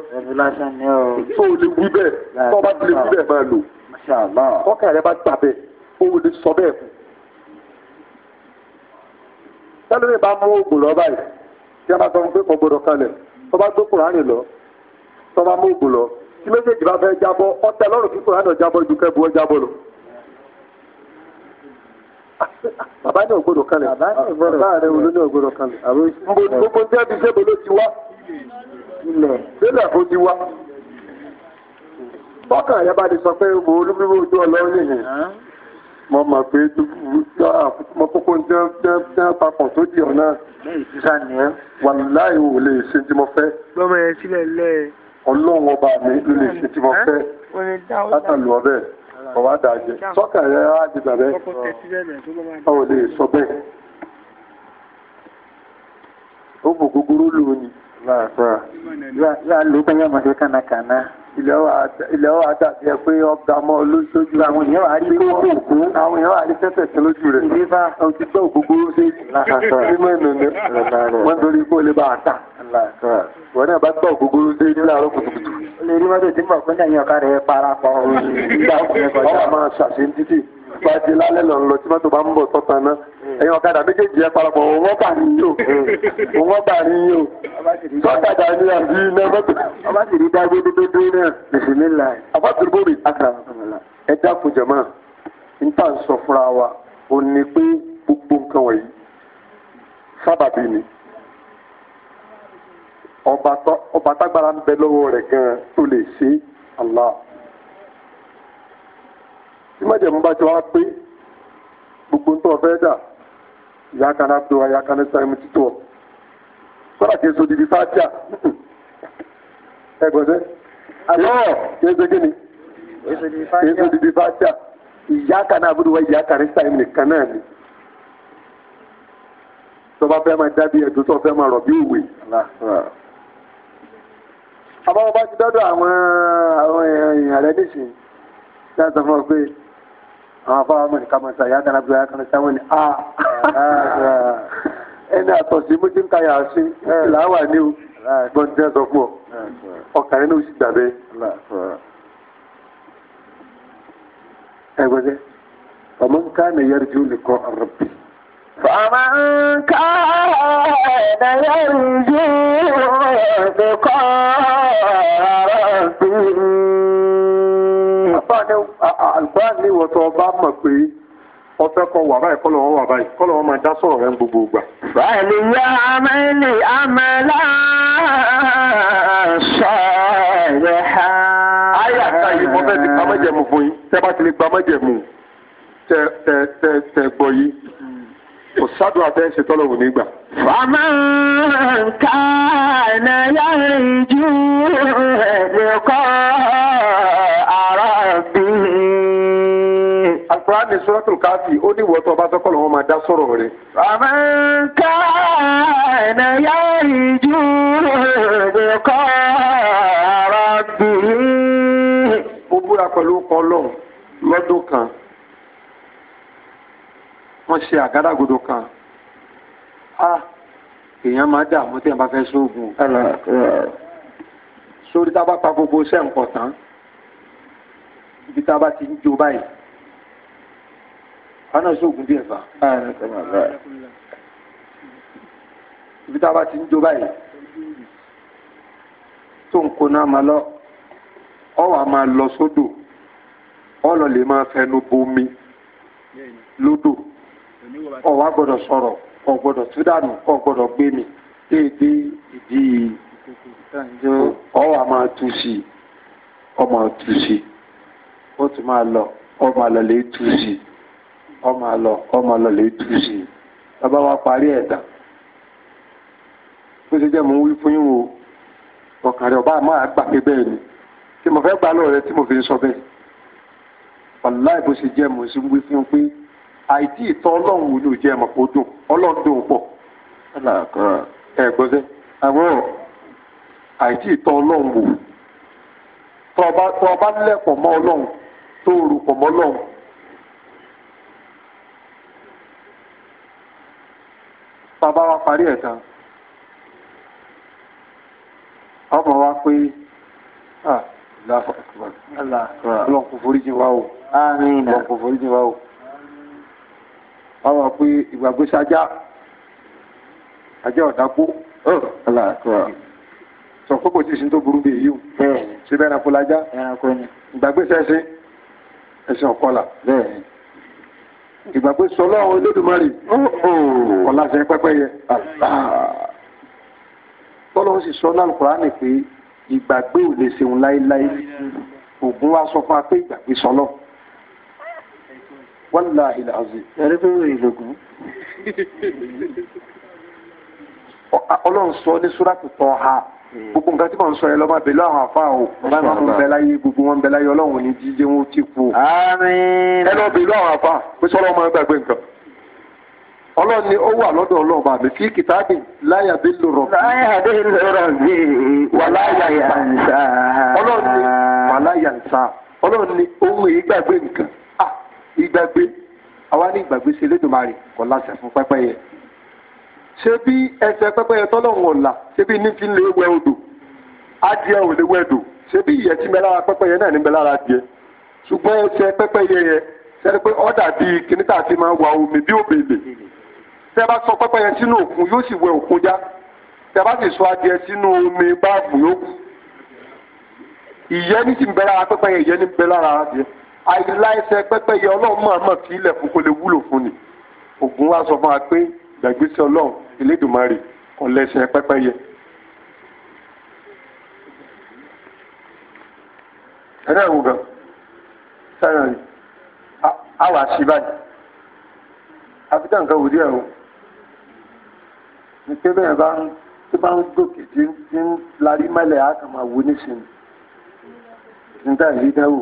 tó o lè wí bẹ́ẹ̀ tó o bá ti lè wí bẹ́ẹ̀ máa lò tọ́kàn rẹ bá gbà bẹ́ẹ̀ owó lè sọ bẹ́ẹ̀ fún tẹ́lẹ̀ bá mú oògùn lọ báyìí tí a bá sọ fún pé kò gbọdọ̀ kalẹ̀ tó bá gbé kùránì lọ tó bá mú oògùn lọ tí méjèèjì bá fẹ́ jábọ́ ọtẹ lọ́rùn kí kùránì ọ̀ jábọ́ ju kẹ́bù ọ́ jábọ́ lọ. bàbá ní ògbọdọ̀ kalẹ̀ bàbá rẹ̀ olú ní ògbọdọ̀ kalẹ̀. gbogbo jẹ́bi jẹ́bi ló ti wá sílẹ̀ ó ti wá tọ́kàn rẹ bá ti sọ pé mo olúmíró ojú ọlọ́run nìyẹn mo mọ̀ pé ah, mo kókó ń dán papọ̀ tó di ọ̀nà ìṣá nìyẹn wà láì wò lè ṣe tí mo fẹ́. lọ́mọ yẹn sílẹ̀ lẹ́. ọlọ́run ọba mi ló lè ṣe tí mo fẹ́ látàlú ọbẹ̀ ọba dàjẹ́ tọ́kàn rẹ á di bàbẹ́ ọ̀ lè sọ bẹ́ẹ̀. ó bò gbogbo ló lò ní. láàárọ̀ yóò lò ó bá yàmọ̀ sí kànákànná ilẹ̀ wa dàbí ẹ pé ọgbà mọ́ olóṣojú àwọn èèyàn wà á rí kókó àwọn èèyàn wà á rí tẹ́tẹ̀ sí lójú rẹ̀ ìdífà ohun ti gbọ́ ògógóró sí nínú ìnùnú wọ́n torí kó lè bá a tà wọ́n náà bá gbọ́ ògógóró sí nílẹ̀ àárọ̀ kùtùkùtù. olè rí mọ́tò tí mo fún ẹ̀yìn ọ̀kadà ẹ̀ parapọ̀ ọ̀hún. ọmọ máa ṣàṣe títì bá di lálẹ́ lọ lọ tí mọ́tò bá ń bọ̀ sọ́tàn náà hmm. ẹ̀yin ọ̀kadà méjèèjì ẹ parapọ̀ òun wọ́n bà ní yóò òun wọ́n bà ní yóò sọ́kadà ni àbí iná mọ́tò. ọba sì rí dágbé dúdú náà bìsìmí là ẹ̀. àbátúrú bòrè àkà ẹ dákun jẹ̀mọ́ n tà ń sọ fúnra wa O ní pé gbogbo nǹkan wọ̀nyí sábàbí ni ọba tágbára ń bẹ lọ́wọ́ rẹ̀ gan-an tó lè ṣe Allah tí májẹ̀mú bá ti wá pé gbogbo tó fẹ́ dà ìyá kaná pé wa ìyá kaná sáré mu títọ́ kọ́dà kí èso dìbí fájà ẹgbẹ́sẹ̀ yọ̀ọ́ kí èso gíní èso dìbí fájà ìyá kaná abúlé wa ìyá kaná sáré mu nìkan náà ni tọba fẹ́ máa dábí ẹ̀dùn tó fẹ́ máa rọ̀ bí òwe àbáwọ̀ bá ti dọ́dọ̀ àwọn àwọn èèyàn rẹ̀ nísìnyí láti sọ fún ọ pé àwọn afáwọn ọmọ nìkan máa sàyà kan abúlé kan sáwọn ni a ẹni àtọ̀sí mo ti ń ka yà á sí làwà ni o gbọ̀ndẹ́ sọ fún ọ ọkàn ẹni sì gbà bẹ́ẹ̀. ọmọ nǹkan ni yẹri tí ó lè kọ́ ọ̀rọ̀ bì. فمن كان يرجو لقاء ربه ní àgbà ní ìwọ̀tọ̀ ọba mọ̀ pé ọfẹ kọ wà báyìí kọlọ wọn wà báyìí kọlọ wọn máa dá sọ̀rọ̀ rẹ̀ gbogbo gbà. báyìí yá amẹ́lì amẹ́lá ṣàlẹ̀ ha. ayé àti àyè mo fẹ́ ti gba májẹ̀mú fún yín tẹ́ bá ti lè gba májẹ̀mú tẹ tẹ tẹ tẹ gbọ́ yìí kò sádùn àtẹ ṣe tọ́lọ̀ wò nígbà. fàmà nǹkan ẹ̀yà ìjú ẹ̀dẹ̀kọ́. ní suratul káfí ó ní ìwọ́tọ̀ ọba sọ́kọ̀ lọ́wọ́ máa dá sọ̀rọ̀ rẹ̀. àmọ́ ká ẹ̀nà yá ìjú rẹ̀ kọ́ ara bìí. ó búra pẹ̀lú ọlọ́run lọ́dún kan wọ́n ṣe àgádágodo kan èèyàn máa dààmú tí èèyàn bá fẹ́ sóògùn sórí tá a bá pa gbogbo iṣẹ́ nǹkan tán ibi tá a bá ti ń jó báyìí. ana ṣoògùn díẹ̀ sá ibi tá a bá ti ń jó báyìí tó ń kó náà ma lọ ọ a ma lọ sódò ọlọ lè máa fẹnu bomi lódò ọwọ́ a gbọdọ sọ̀rọ̀ kò gbọ́dọ̀ tú dànù kò gbọ́dọ̀ gbé mi déédé ìdí ọwọ́ ma tu si ọ ma tu si ó tún ma lọ ọmọ àlọ́ lè tú sí i. kọ́ máa lọ kọ́ máa lọ lè tú sí i bàbá wa parí ẹ̀dá bó ṣe jẹ́ mo ń wí fún yín o ọkàn rẹ̀ ọba máa gbà pé bẹ́ẹ̀ ni tí mo fẹ́ gbà lọ́rọ̀ rẹ tí mo fi ń sọ bẹ́ẹ̀ wàláì bó ṣe jẹ́ mo sì ń wí fún yín pé àìtí ìtọ́ ọlọ́run wò ló jẹ́ ẹ̀mọ̀ kó dùn ọlọ́run dùn pọ̀ ẹ̀gbọ́n sẹ́ àwọn àìtí ìtọ́ ọlọ́run wò tọ́ ọba lẹ́pọ̀ mọ́ ọlọ́run tó rù mọ́ ọlọ́run bàbá wa parí ẹ̀ tán ọmọ wa pé ah, ọlọ́run kò forí jìn wá o ọlọ́run kò forí jìn wá o ọmọ pé ìgbàgbé sájà ajá ọ̀dàgbó sọ pé kò tí ì sin tó burú bí èyí o síbẹ̀ ẹranko lajá ìgbàgbé sẹ́sìn ẹ̀sìn ọ̀kọ́là ìgbà pé sọlọ àwọn Olódùmarè oh. ọ̀làṣẹ pẹ́pẹ́ yẹ tọ́lọ́ sì sọ lálùkùránì pé ìgbàgbé ò lè ṣeun láéláé ògùn wa sọ fún wa pé ìgbàgbé sọlọ wàlá ilẹ̀ àzì ẹ̀rí tó rè lògùn. ọlọ́run sọ ní súrà tó tọ́ ha. Hmm. gbogbo nǹkan tí mò ń sọ yẹn lọ́mọ àwọn afa o bá máa ń bẹ láyé gbogbo wọn bẹ láyé ọlọ́run ní jíjẹ wọn ti kú. ẹ lọ bẹ̀lú àwọn afa pé sọ́lọ́ máa ń gbàgbé nǹkan. ọlọ́run ni ó wà lọ́dọ̀ ọlọ́run fi kìtàbì wà ọlọ́run ni wà ọlọ́run ni ohun Sebi bí ẹsẹ̀ pẹ́pẹ́yẹ tọ́lọ́run ọ̀la ṣé bí ní fi lè wẹ odò adìẹ ò lè wẹ odò ṣé bí ìyẹ́ ti mẹ lára pẹ́pẹ́yẹ náà ní mẹ lára adìẹ ṣùgbọ́n ẹsẹ̀ pẹ́pẹ́yẹ yẹn sẹ́ni pé ọ̀dà bíi kìnnìkà ti máa wà omi bí òbèlè tẹ́ bá sọ pẹ́pẹ́yẹ sínú òkun yóò sì wẹ òkun já tẹ́ bá sì sọ adìẹ sínú omi báàbù yóò kù ìyẹ́ ní ti ń bẹ lára pẹ́pẹ́yẹ ní ń adìẹ àìláìsẹ pẹ́pẹ́yẹ ọlọ́run máa mọ̀ kí ilẹ̀ fún kó lè wúlò fún ni ògùn wa sọ fún wa pé gbàgbé sí ọlọ́run Elédùmarè kò lẹ́sẹ̀ pẹ́pẹ́yẹ. ẹ̀rẹ́ ìwò gan sáyẹn rẹ̀ á wà sí báyìí àfikà nǹkan wò díẹ̀ o ní pé bẹ́ẹ̀ bá ń tó bá ń gòkè tí ń larí mẹ́lẹ̀ á kàn máa wo nísìnyí níta ìlú dẹ́wò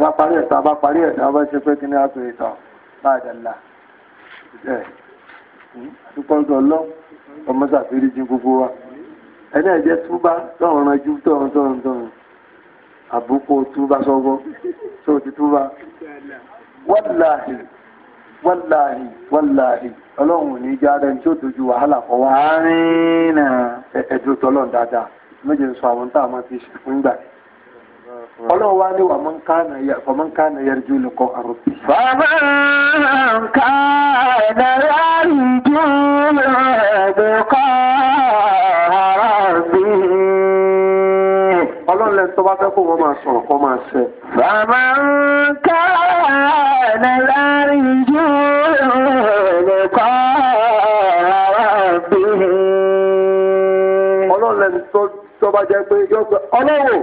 bá parí ẹ̀ta bá parí ẹ̀ta bá ṣe pé kí ni á tó ìtàn bá dẹ̀ la dúpọ́ńtọ́ lọ ọmọ sàfihàn jí gbogbo wa ẹni ẹ̀jẹ̀ túbá tọ̀hún ranjú tọ̀hún tọ̀hún tọ̀hún àbúkọ túbá sọ́gbọ́ tó ti túbá wàláhì wàláhì wàláhì ọlọ́run ní jáde tí ó dojú wàhálà kọ́ wá. àárín náà ẹ̀ẹ́dùn tọ́lọ̀ dáadáa méje sọ àwọn táwọn ti ṣe fún ìgbà yìí ọlọ́run wá ní wàmú nkánà yẹ fọmú nkánà yẹ ju lukọ arúgbó. bàbá nkánà yẹ ju lukọ arúgbó. ọlọ́run lẹ́nu tó bá fẹ́ kó wọ́n máa sọ̀rọ̀ kó máa ṣe. bàbá nkánà yẹ ju lukọ arúgbó. ọlọ́run lẹ́nu tó bá jẹ́ pé yọ pé ọlọ́run.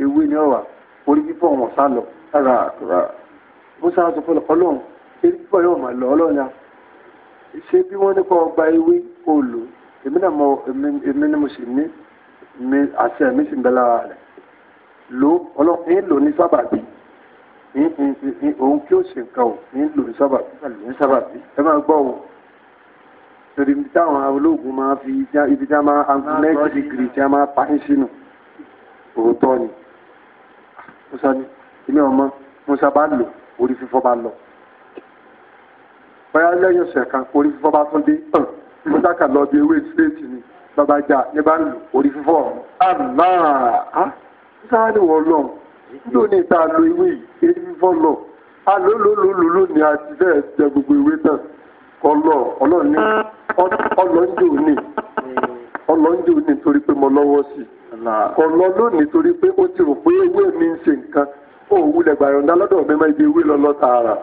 ewé ni ọ̀wà orí pípọ̀ wọn sá lọ rárá rárá bó sá sọ fún ọlọ́run eré pípọ̀ yóò máa lọ ọlọ́run ya ṣé bí wọ́n nípa ọgbà ewé olù èmi náà mọ èmi ni mo sì ní mi àti ẹ̀mí sì ń bẹ lára rẹ̀ lò ọlọ́run ń lò ní sábàbí òun kí ó ṣe nǹkan ò ní lò ní sábàbí ní sábàbí ẹ máa gbọ́ o torí táwọn olóògùn máa fi ibi tí a máa anti ninety degree tí a máa pa ń sínú òótọ́ ni musa ní ilé ọmọ musa bá lò orí fífọ́ bá lọ báyà lẹ́yìn ọ̀sẹ̀ kan orí fífọ́ bá tún dé hàn musa kà lọ bí ewé síléètì ni bàbá jà ní bá lò orí fífọ́ àlá musa wà ní wọ́n lọ nítorí ní ìta lo ewé yìí orí fífọ́ lọ alólólólóló ni a ti fẹ́ jẹ gbogbo ewé tán kọ́ lọ ọlọ́ọ̀ni ọlọ́ọ̀ni òní. ọlọ́njẹ́ òní torí pé mo lọ́wọ́ sí kò lọ lónìí torí pé ó ti rò pé ewé mi ń ṣe nǹkan ó wulẹ̀ gbàyọ̀ǹda lọ́dọ̀ ibi ewé tààrà.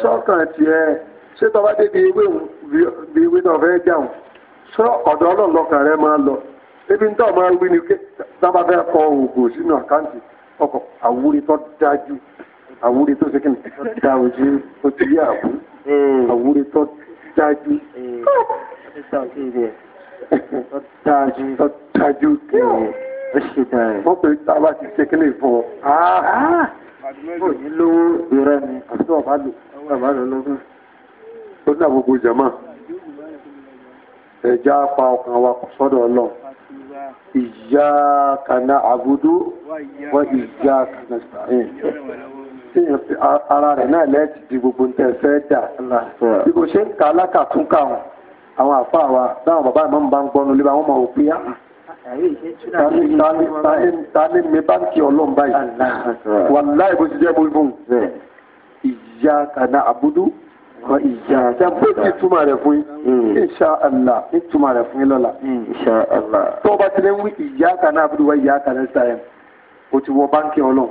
sọ́kàn tiẹ̀ ṣé tọ́ba dé bi ewé bi ewé náà fẹ́ sọ ọ̀dọ̀ ọlọ́ọ̀lọ́kàn rẹ máa lọ ebi ń tọ́ máa wí ni fẹ́ kọ sínú àkáǹtì ọkọ̀ àwúrí tó dájú àwúrí tó ṣe kí ni tó dájú dájú wọ́n pè tá a bá ti ṣe kílè fún ọ. Ah. ó ní lówó ìrẹ́ ni àti ọ̀bá lò ọwọ́ ẹ̀bá lò lọ́dún. ó ní àgbogbo jàmá ẹ̀já pa ọkàn wa kò sọ́dọ̀ ọlọ́run. ìyá kaná àbúdó wọ́n ìyá kaná sàáyìn tí ara rẹ̀ náà lẹ́ẹ̀tì di gbogbo ní tẹ̀sẹ̀ dà ńlá bí kò ṣe ń ka alákàtúnkà wọn àwọn àfa wa táwọn bàbá ìmọ̀ bá ń gbọ́nu lé wọn máa wò pé ah, ta ni mi báńkì ọlọ́run báyìí wàláì bó ti jẹ́ mo ìyá kana abudu. ìyá jàmbó ti túmọ̀ rẹ̀ fún yín hmm. insha Allah ní túmọ̀ rẹ̀ fún yín lọ́la hmm, insha Allah tó o bá ti lè wí ìyá kana abudu wa ìyá kana sáyẹn o ti wọ báńkì ọlọ́run.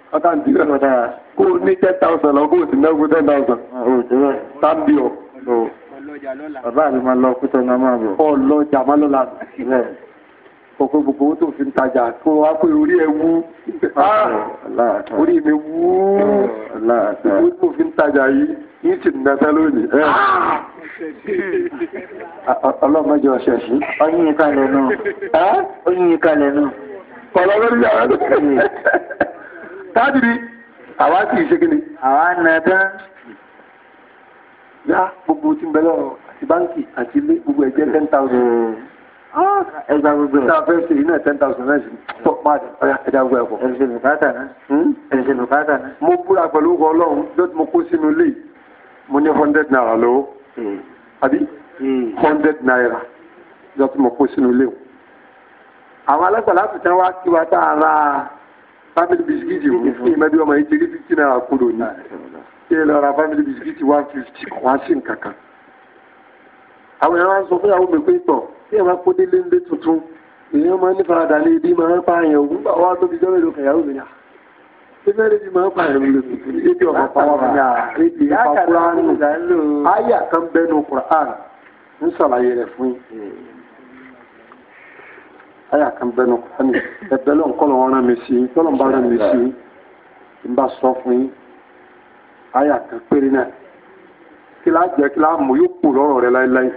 ọ̀tá ń dirẹ̀ kó o ní ten thousand lọ kó o ten thousand. tábì ah, o. bàbá mi máa lọ kútọ náà máa bọ̀. ọlọ́jà máa lọ la kókó gbogbo owó tó fi ń tajà kó wá pé orí ẹ wú ah! Ah! orí mi wú owó tó fi ń tajà yìí yìí ti nà sá lónìí. Eh. ọlọ́mọdé ọ̀sẹ̀ sí ọyìn kalẹ̀ náà ọyìn kalẹ̀ náà. kọ̀ọ̀lọ́ lórí yàrá tábìrì àwa sì ṣe kí ni. ya nà dán. yá gbogbo tí ń bẹ àti báńkì àti ilé gbogbo ẹ̀jẹ̀ ten thousand. Hmm. ẹgbà gbogbo ẹ̀. sáà fẹ́ẹ́ iná ten thousand náà sí tọ́ máa dì ọ̀yà ẹ̀dá gbogbo ẹ̀kọ́. ẹ̀ṣẹ̀ bùkátà náà. Hmm? ẹ̀ṣẹ̀ bùkátà náà. mo búra pẹ̀lú ọkọ̀ ọlọ́run lọ́tí naira lọ́wọ́ hundred naira lọ́tí mo kó sínú ilé o. Hmm. àwọn alágbàlá tuntun wá kí wa tá a family bisikíìtì fún ìmọ̀ bí ọmọ yìí ti rí fifty naira kúrò ní kí ah, ẹ lọ ra family bisikíìtì one fifty kò wá sí nǹkan kan. àwọn èèyàn máa ń sọ fún ìyàwó mi pé tọ̀ kí ẹ máa kó délé ńlé tuntun èèyàn máa ń ní faradà ní ibi máa ń pa àyàn òun bá wa tóbi jọ́rọ̀ ìlú kẹ̀yàwó mi yà. Ah, ṣé fẹ́ẹ́ lébi máa ń pa àyàn òun tuntun ebi ọ̀pọ̀ pàwọn mi yà ebi ìfakúránù ah, ayà kan bẹ́nu Qur'an ń ṣàlàyé rẹ̀ fún yín. Hmm àyà kan bẹnu kọ́ni ẹ̀bẹ̀ lọ́n kọ́ lọ́n rán mi sí i tọ́lọ́n bá rán mi sí i n bá sọ fún yín àyà kan péré náà kí láà jẹ́ kí láà mú yóò kú lọ́rọ̀ rẹ láéláé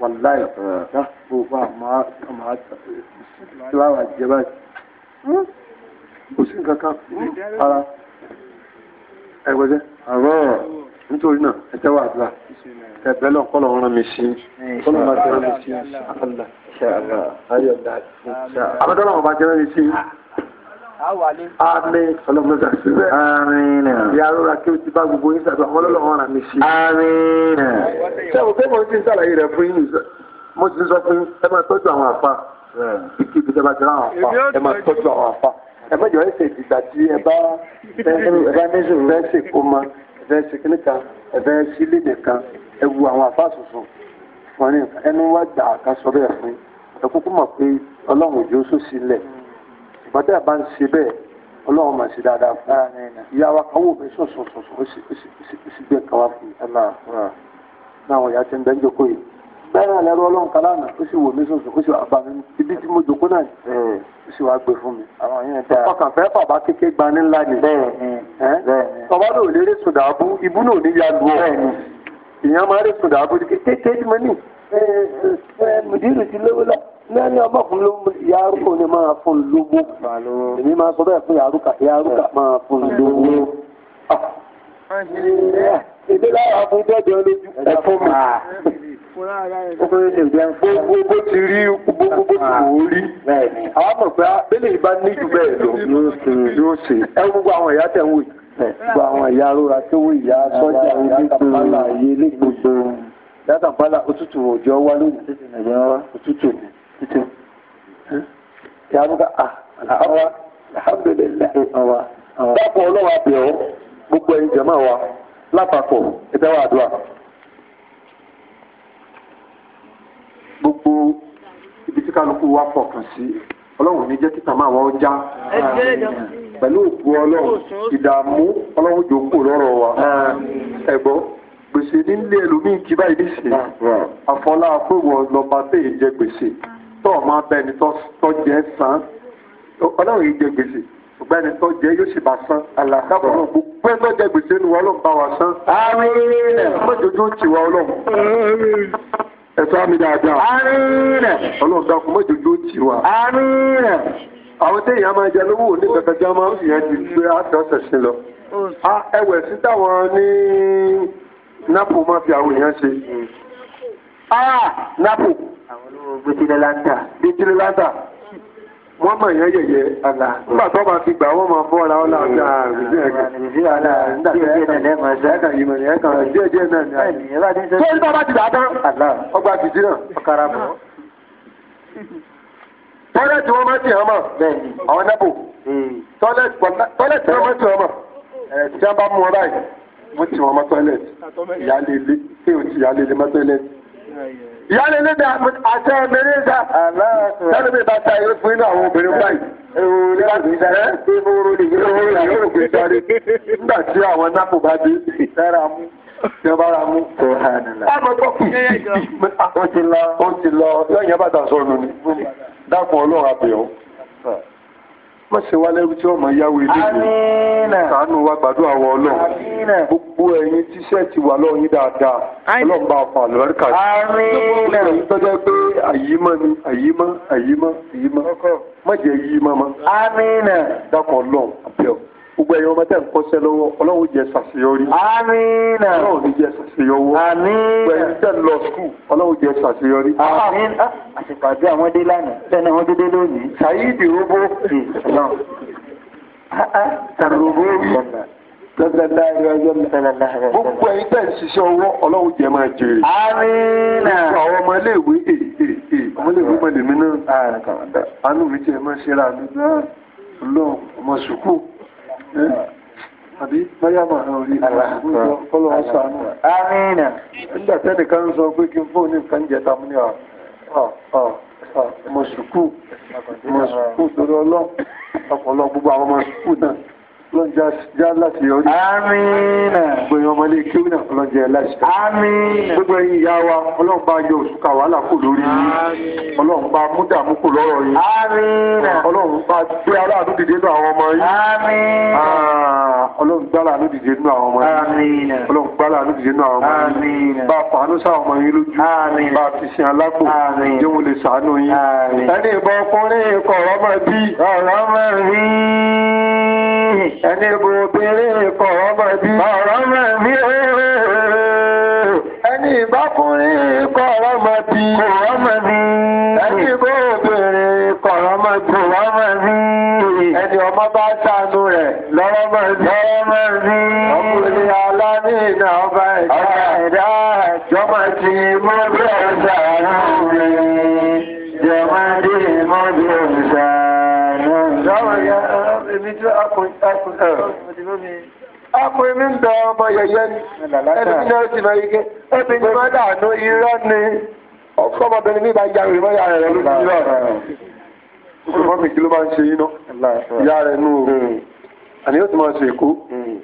wàláyé dáàbò bá a máa kí láà wà jẹ báyìí hmm? kò sí nǹkan kan ara ẹgbẹ́ jẹ́ àrọ́ọ̀ nítorí náà ẹ tẹ́wọ́ àdúrà ẹ̀bẹ̀ lọ kọ́ lọ́ọ́ rán mi sí kọ́ lọ́ọ́ máa ti rán mi sí abẹ́tọ́lọ́ ọba jẹ́ mi sí. Àmín ọlọ́mọdé síbẹ̀. Àmín nà. Ìyàrá ra kí o ti bá gbogbo yín sàdọ̀ àwọn ọlọ́lọ́wọ́ rà mí sí. Àmín nà. Ṣé o fẹ́ mọ̀ ní sàlàyé rẹ̀ fún yín? Mo ti sọ fún yín, ẹ máa tọ́jú àwọn àfa. Ìkí ìbíjẹ́ bá jẹ́ àwọn àfa. Ẹ máa tọ́jú àwọn àfa. Ẹ ẹ̀sẹ̀ ìdìgbà tí ẹ bá ẹ bá máa. ẹ̀fẹ́ ṣèkínní kan ẹ̀fẹ́ kan ẹ̀wù àwọn àfáàsùsù fún ẹni ẹnu wá gbà ká sọ bẹ́ẹ̀ fún ẹ kúkú mọ̀ pé ọlọ́run sílẹ̀ bá ń ṣe bẹ́ẹ̀ ọlọ́run máa ṣe dáadáa fún ìyá wa ó sì bẹ́ẹ̀ náà lẹ́rú ọlọ́run kan lánàá ó sì wò mí sọ̀sọ̀ ó sì wà gbà mí ibi tí mo jòkó náà ó sì wà gbé fún mi. àwọn yẹn dáa ọkàn fẹ́ bàbá kéke gbani ńlá ni. bàbá náà ò lérè sùdà abú ibú náà ò ní ya lu ọ ìyẹn máa rè sùdà abú kékeré ni mo ní. mùdírù ti lówó lọ lẹ́ni ọmọkùnrin ló ń ya arúgbó ni máa fún un lówó èmi máa sọ bẹ́ẹ̀ fún yàrúkà yàrúkà máa fún un lówó ah. èdè láwọn afúnjọ́jọ́ lójú ẹ̀fọ́ mi gbogbo bó ti rí gbogbo bó ti wò ó rí àwọn mọ̀ pé abẹ́lẹ̀ ìbá ní jù bẹ́ẹ̀ lọ yóò ṣe ẹ gbogbo àwọn ìyá tẹ̀ ń wò gbogbo àwọn ìyá arúra tó wò ìyá sọ́jà ìyá ayé lẹ́gbọ̀gbọ̀ dáta bala òtútù òjò wá lónìí òtútù òtútù ìyá arúgbó àwa alhamdulilayi àwa. dápọ̀ ọlọ́wà bẹ̀ ọ́ gbogbo ẹ̀yin jẹ̀mọ́ wa lápapọ̀ ẹ̀bẹ̀ wà dùn à. tí kálukú wa fọkàn sí ọlọ́run ní jẹ́ títà máa wọ́n já pẹ̀lú òkú ọlọ́run ìdààmú ọlọ́run jòkó lọ́rọ̀ wa ẹ̀gbọ́n gbèsè nílé ẹlòmíì kí báyìí nísìnyí àfọlá àpéwọ̀ lọ́ba tẹ̀ jẹ gbèsè tọ́ ọ̀ máa bẹni tọ́ jẹ́ san ọlọ́run yìí jẹ gbèsè ọgbẹ́ni tó jẹ́ yóò sì bá san. alákàbọ̀ náà kò pẹ́ tó gbèsè nu ọlọ́run bá wa san. àmín. ẹ̀ mọ́jọ́jọ́ ẹ̀tọ́ àmì dáadáa. àmín rẹ̀. ọlọ́run dákun mọ́jọ yóò tì wá. àmín rẹ̀. àwọn téèyàn máa jẹ lówó ní kẹkẹjá máa ń yẹn ti gbé àtọ́sẹ̀ sí lọ. ẹwẹ̀ sí táwọn ní napo máa fi àwọn èèyàn ṣe. napo. àwọn olówó gbẹ́tìlélàntà. gbẹ́tìlélàntà. wọ́n mọ̀ yẹn yẹ̀yẹ́ nígbà tó bá fi gbà wọ́n máa bọ́ra ọ́ láàdá tọ́lẹ̀tì wọn máa ti hàn mọ̀ àwọn nẹ́bù hmm. tọ́lẹ̀tì wọn máa ti hàn mọ̀ tí wọ́n bá mú wọn báyìí wọ́n ti wọn mọ́ tọ́lẹ̀tì ìyá lè lé tí ò ti ìyá lè lé mọ́ tọ́lẹ̀tì. ìyáálé lédè àṣẹ mẹ́rin sá lẹ́nu bí bàtà ìwé fún inú àwọn obìnrin báyìí nígbà tí àwọn nápò bá dé sára mú tí wọ́n bá ra mú tó hànàlá. ó ti lọ yọ̀nyẹ́ bàtà sọ̀nù ni dákun ọlọ́run àbẹ̀wò mọ̀sẹ̀ wa lẹ́rú tí ọmọ yáwó eléyìí sànù wa gbàdúrà wọ ọlọ́run gbogbo ẹ̀yin tíṣẹ́ ti wà lọ́yìn dáadáa ọlọ́run bá fà lọ́ríkà sí gbogbo ẹ̀yin tọ́jọ́ pé àyímọ́ ni àyímọ́ àyímọ́ àyímọ́ mọ̀jẹ̀ yí mọ́mọ́ dákọ̀ ọlọ́run àbẹ́ọ̀ gbogbo ẹ̀yin ọmọ tẹ́ ń kọ́ṣẹ́ lọ́wọ́ ọlọ́run jẹ́ ṣàṣeyọrí. amiina ọlọ́run ní jẹ́ ṣàṣeyọwọ́. amiina gbogbo ẹ̀yin tẹ́ ń lọ skul ọlọ́run jẹ́ ṣàṣeyọrí. amiina ah, àṣepàdé àwọn dé lánàá tẹ́ni wọ́n dédé lónìí. sayidi robo ah, ah, robo gbogbo ẹ̀yin tẹ́ ń ṣiṣẹ́ ọwọ́ ọlọ́run jẹ́ máa jèrè. amiina àwọn ọmọ iléèwé èè eh, èè eh, eh, ọmọ iléèwé mọ̀lẹ́mí náà. àánú mi tiẹ̀ máa ṣe ra mi. ọlọ́run ọmọ sùkúù àbí máyàmà orí ọlọ́wọ́ sàánù àmìnà nígbà tẹ́nì kan sọ pé kí n fóun ní nǹkan jẹta mú ní mọ̀sùkú mọ̀sùkú torí ọlọ́ ọ̀pọ̀lọpọ̀ gbogbo àwọn mọ̀sùkú náà lọ́jà já láti yọrí. Àmínà. Gbogbo ọmọ ilé kí wínà ọlọ́jà láti. Àmínà. Gbogbo ẹ̀yin ìyá wa ọlọ́run bá yọ òṣùkà wàhálà kò lórí yín. Ọlọ́run bá mú dààmú kò lọ́rọ̀ yín. Àmínà. Ọlọ́run bá gbé aráàlú dìde nínú àwọn ọmọ yín. Àmínà. Ah, ọlọ́run gbá aráàlú dìde nínú àwọn ọmọ yín. Àmínà. Ọlọ́run gbá aráàlú dìde nínú àwọn ọmọ yín. Àmínà. Bá a ẹni bò obìnrin kọ̀ ọmọ bí. ọ̀rọ̀ mọ̀ ẹni ìbákùnrin kọ̀ ọmọ bí. kò irọ́ ọmọ yẹ̀yẹ́ ni ẹni tí náà ti máa yíké ẹbí ni máa dànù irọ́ ni ọkọ ọmọbìnrin mi bá ya rẹ̀ mọ́ ya rẹ̀ lórí irọ́ olùkọ́ mi kí ló máa ń ṣe yín náà ìyá rẹ̀ nù òun hmm. àní yóò ti máa ṣe èkó hmm.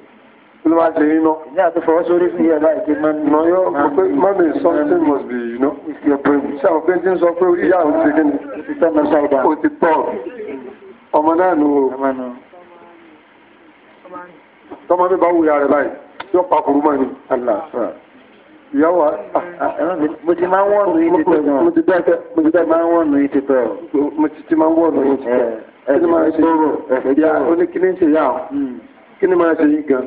ló máa ṣe yín náà. ìyá àti fọwọ́ sórí fún ìyá láì pé mọ́ yọ mọ́ pé mọ́mí something must be you know your brain ṣé àwọn péńtì ń sọ pé ìyá òun ti kíni ó ti tọ́ ọmọ náà nù òun tọ́mọ mi bá wùyà rẹ̀ báyìí yóò pa kuru mọ́ ni aláàfáà ìyàwó ah, ah, ah, mo ti máa ń wọ̀nù yìí ti tẹ̀ mo ti dẹ́kẹ́ mo ti dẹ́kẹ́ máa ń wọ̀nù yìí ti tẹ̀ mo ti máa ń wọ̀nù yìí ti tẹ̀ eh, eh, kí ni máa ṣe ìyá oníkíní ṣe yá o hmm. kí ni máa ṣe yí gan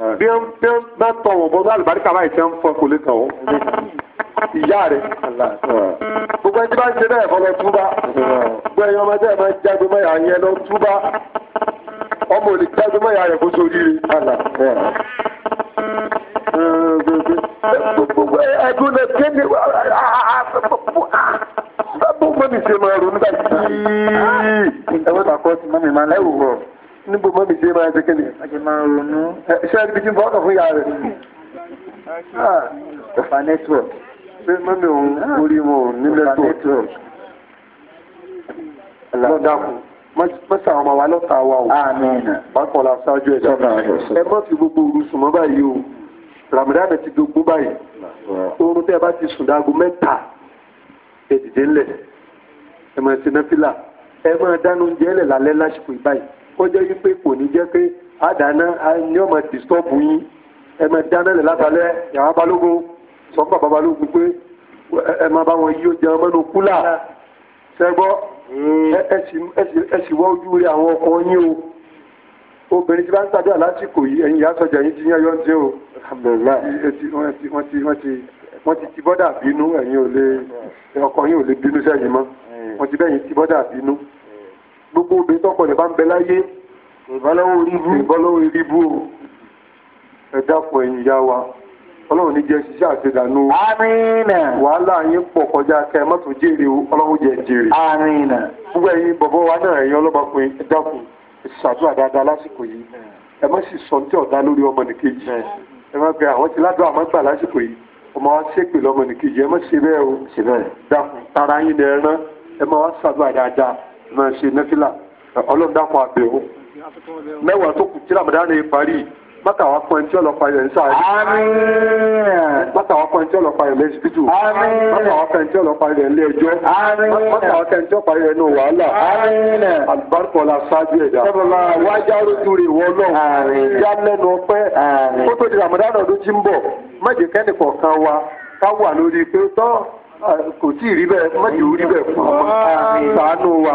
eh. bí wọ́n bí wọ́n bá tọ̀ wọ́n bọ́ alùbáríkà báyìí tẹ́ ń fọ́ kò lè tàn ó ìyá rẹ̀ gbogbo ẹni tí bá ń ṣe bẹ́ẹ̀ fọlọ́ túbá gbogbo ẹni ọmọdé ẹ̀ máa ń jágbe mọ́ ìyá ọmọ ò lè dájú mọ́ ìyá rẹ̀ kó sórí àlà. ẹ̀dùn náà kí ni bó mọ́mí ṣe máa ronú bá yìí. ẹ̀wọ́n bá kọ́ sí mọ́mí máa láìwò wọ̀ níbo mọ́mí ṣe máa ṣe kéde. àti máa ronú. ṣé ẹni bíi bọ́ọ̀kọ̀ fún ìyá rẹ̀. ọ̀fà network. ṣé mọ́mí òun orí wọn ò ní network. ọ̀fà network. lọ́dà kù mọ́sà àwọn ọmọ wa lọ́ta wa o. bákan la ṣáájú ẹ̀dá ẹ má fi gbogbo òru sùn mọ́ báyìí o ramadan ti dogun báyìí oorun tẹ́ ẹ bá ti sùn dáago mẹ́ta ẹ dìde ńlẹ̀ ẹ máa ṣe náfìlà ẹ máa dáná oúnjẹ ẹlẹ̀ lálẹ́ lásìkò ìbáyìí kọjá yìí pé kò ní jẹ́ pé àdáná ni ọmọ disturb yín ẹ máa dáná ẹlẹ̀ látàlẹ́ yàrá balógun sọ́kà babalógun pé ẹ máa bá wọn yí oúnjẹ ọmọ ẹ sì wọ́ ojú rí àwọn ọkọ yín o obìnrin tí bá ń ṣàdúrà lásìkò yìí ẹ̀yin ìyá sọjà ti yan yọ ní o wọ́n ti ti bọ́dà bínú ẹ̀yin ò lè ọkọ yín ò lè bínú sẹ́yìn mọ́ wọ́n ti bẹ́yìn ti bọ́dà bínú gbogbo obìnrin tọkọ rẹ̀ bá ń bẹ láyé ìbọ́lọ́wọ́ orí bú o ẹ ìyá wa ọlọ́run ní jẹ́ ṣiṣẹ́ àṣedànù. àmìnà. wàhálà yín pọ̀ kọjá kẹ mọ́tò jèrè o ọlọ́run jẹ jèrè. àmìnà. gbogbo ẹ̀yin bọ̀bọ̀ wa náà ẹ̀yin ọlọ́mọkùnrin ẹ dákun ṣàdúrà dáadáa lásìkò yìí ẹ má sì sọ ní ọ̀dá lórí ọmọ nìkejì ẹ má bẹ àwọn ti ládùn àmọ́ gbà lásìkò yìí ọmọ wa ṣépè lọ́mọ nìkejì ẹ má ṣe bẹ́ẹ̀ o. ṣe bẹ́ẹ̀. dákun tara yín lẹ rán ẹ má wá ṣàdúrà dáadáa ẹ má ṣe nẹ́fílà ọlọ́run dákun àbẹ̀wò mẹ́wàá tó kù tí ramadan yìí parí yìí mata fún ẹni tí ọlọ́pàá yẹn ń sáré. mọ́tàwá fún ẹni tí ọlọ́pàá yẹn lẹ́sibítù. mọ́tàwá fún ẹni tí ọlọ́pàá yẹn lé ẹjọ́. mọ́tàwá fún ẹni tí ọlọ́pàá yẹn nù wàhálà. àlùbáríkọ̀lá ṣáájú ẹ̀dá. wájà rojú rè wọ́ lọ́wọ́. di ramadan ọdún ń kọ̀ọ̀kan wa ká wà lórí pé tọ́ kò tí ì rí bẹ́ẹ̀ ò rí bẹ́ẹ̀ fún ọmọ. sàánú wa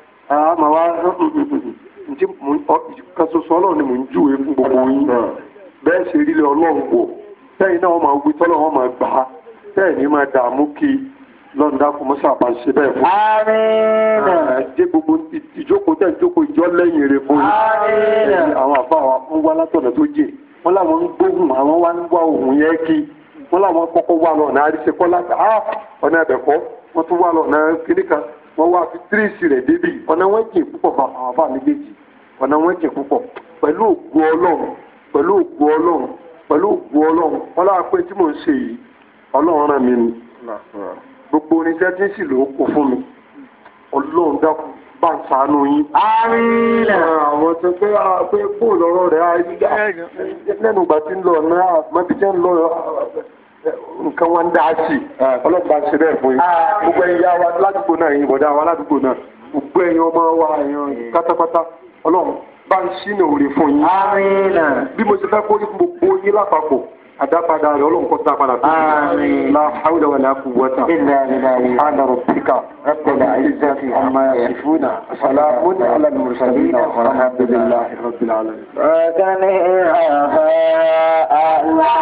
Ah, ma wa ǹjẹ́ kan ṣoṣo ọlọ́run ni mò ń júwe fún gbogbo yín bẹ́ẹ̀ ṣe rí lé ọlọ́run wọ̀ sẹ́yìn náà wọ́n máa wí máa gbà á sẹ́yìn ni máa dààmú kí lọ́nà dákun mọ́ṣá àbá ṣe fún un. Ah, gbogbo ìjókòó ìjókòó ìjọ fún un. àwọn àbá wa ń wá látọ̀nà tó ń gbóhùn àwọn wá ń wá yẹn wọ́n wá fi tírèsì rẹ̀ débi ọ̀nà wọn jìn púpọ̀ fún àwọn àfa méjèèjì ọ̀nà wọn jìn púpọ̀ pẹ̀lú ògbó ọlọ́run pẹ̀lú ògbó ọlọ́run pẹ̀lú ògbó ọlọ́run wọn lára pé tí mò ń ṣe yìí ọlọ́run ràn mí ni gbogbo oníṣẹ́ tí ń sì lò ó kó fún mi ọlọ́run dákú bá ń sànú yín. àárín àwọn tó pé ah, pé bóòlù ọ̀rọ̀ rẹ̀ ah, á lẹ́nu ìgbà tí ń lọ náà mọ́bí tí ń lọ nǹkan wọn dá sí ah. ọlọ́pàá ṣe bẹ́ẹ̀ fún yín ah. gbogbo ẹ̀yin yá wa ládùúgbò náà ẹ̀yin bọ̀dá wa ládùúgbò náà gbogbo ẹ̀yin ọmọ wa ẹ̀yin pátápátá ọlọ́run bá ń ṣínà òrè fún yín bí mo ṣe fẹ́ kó gbogbo yín lápapọ̀ àdápadà rẹ̀ ọlọ́run kọ́ dá padà fún yín la hawla wala quwwata ala rabbika rabbil izzati amma yasifuna salamun ala al-mursalin walhamdulillahi rabbil alamin.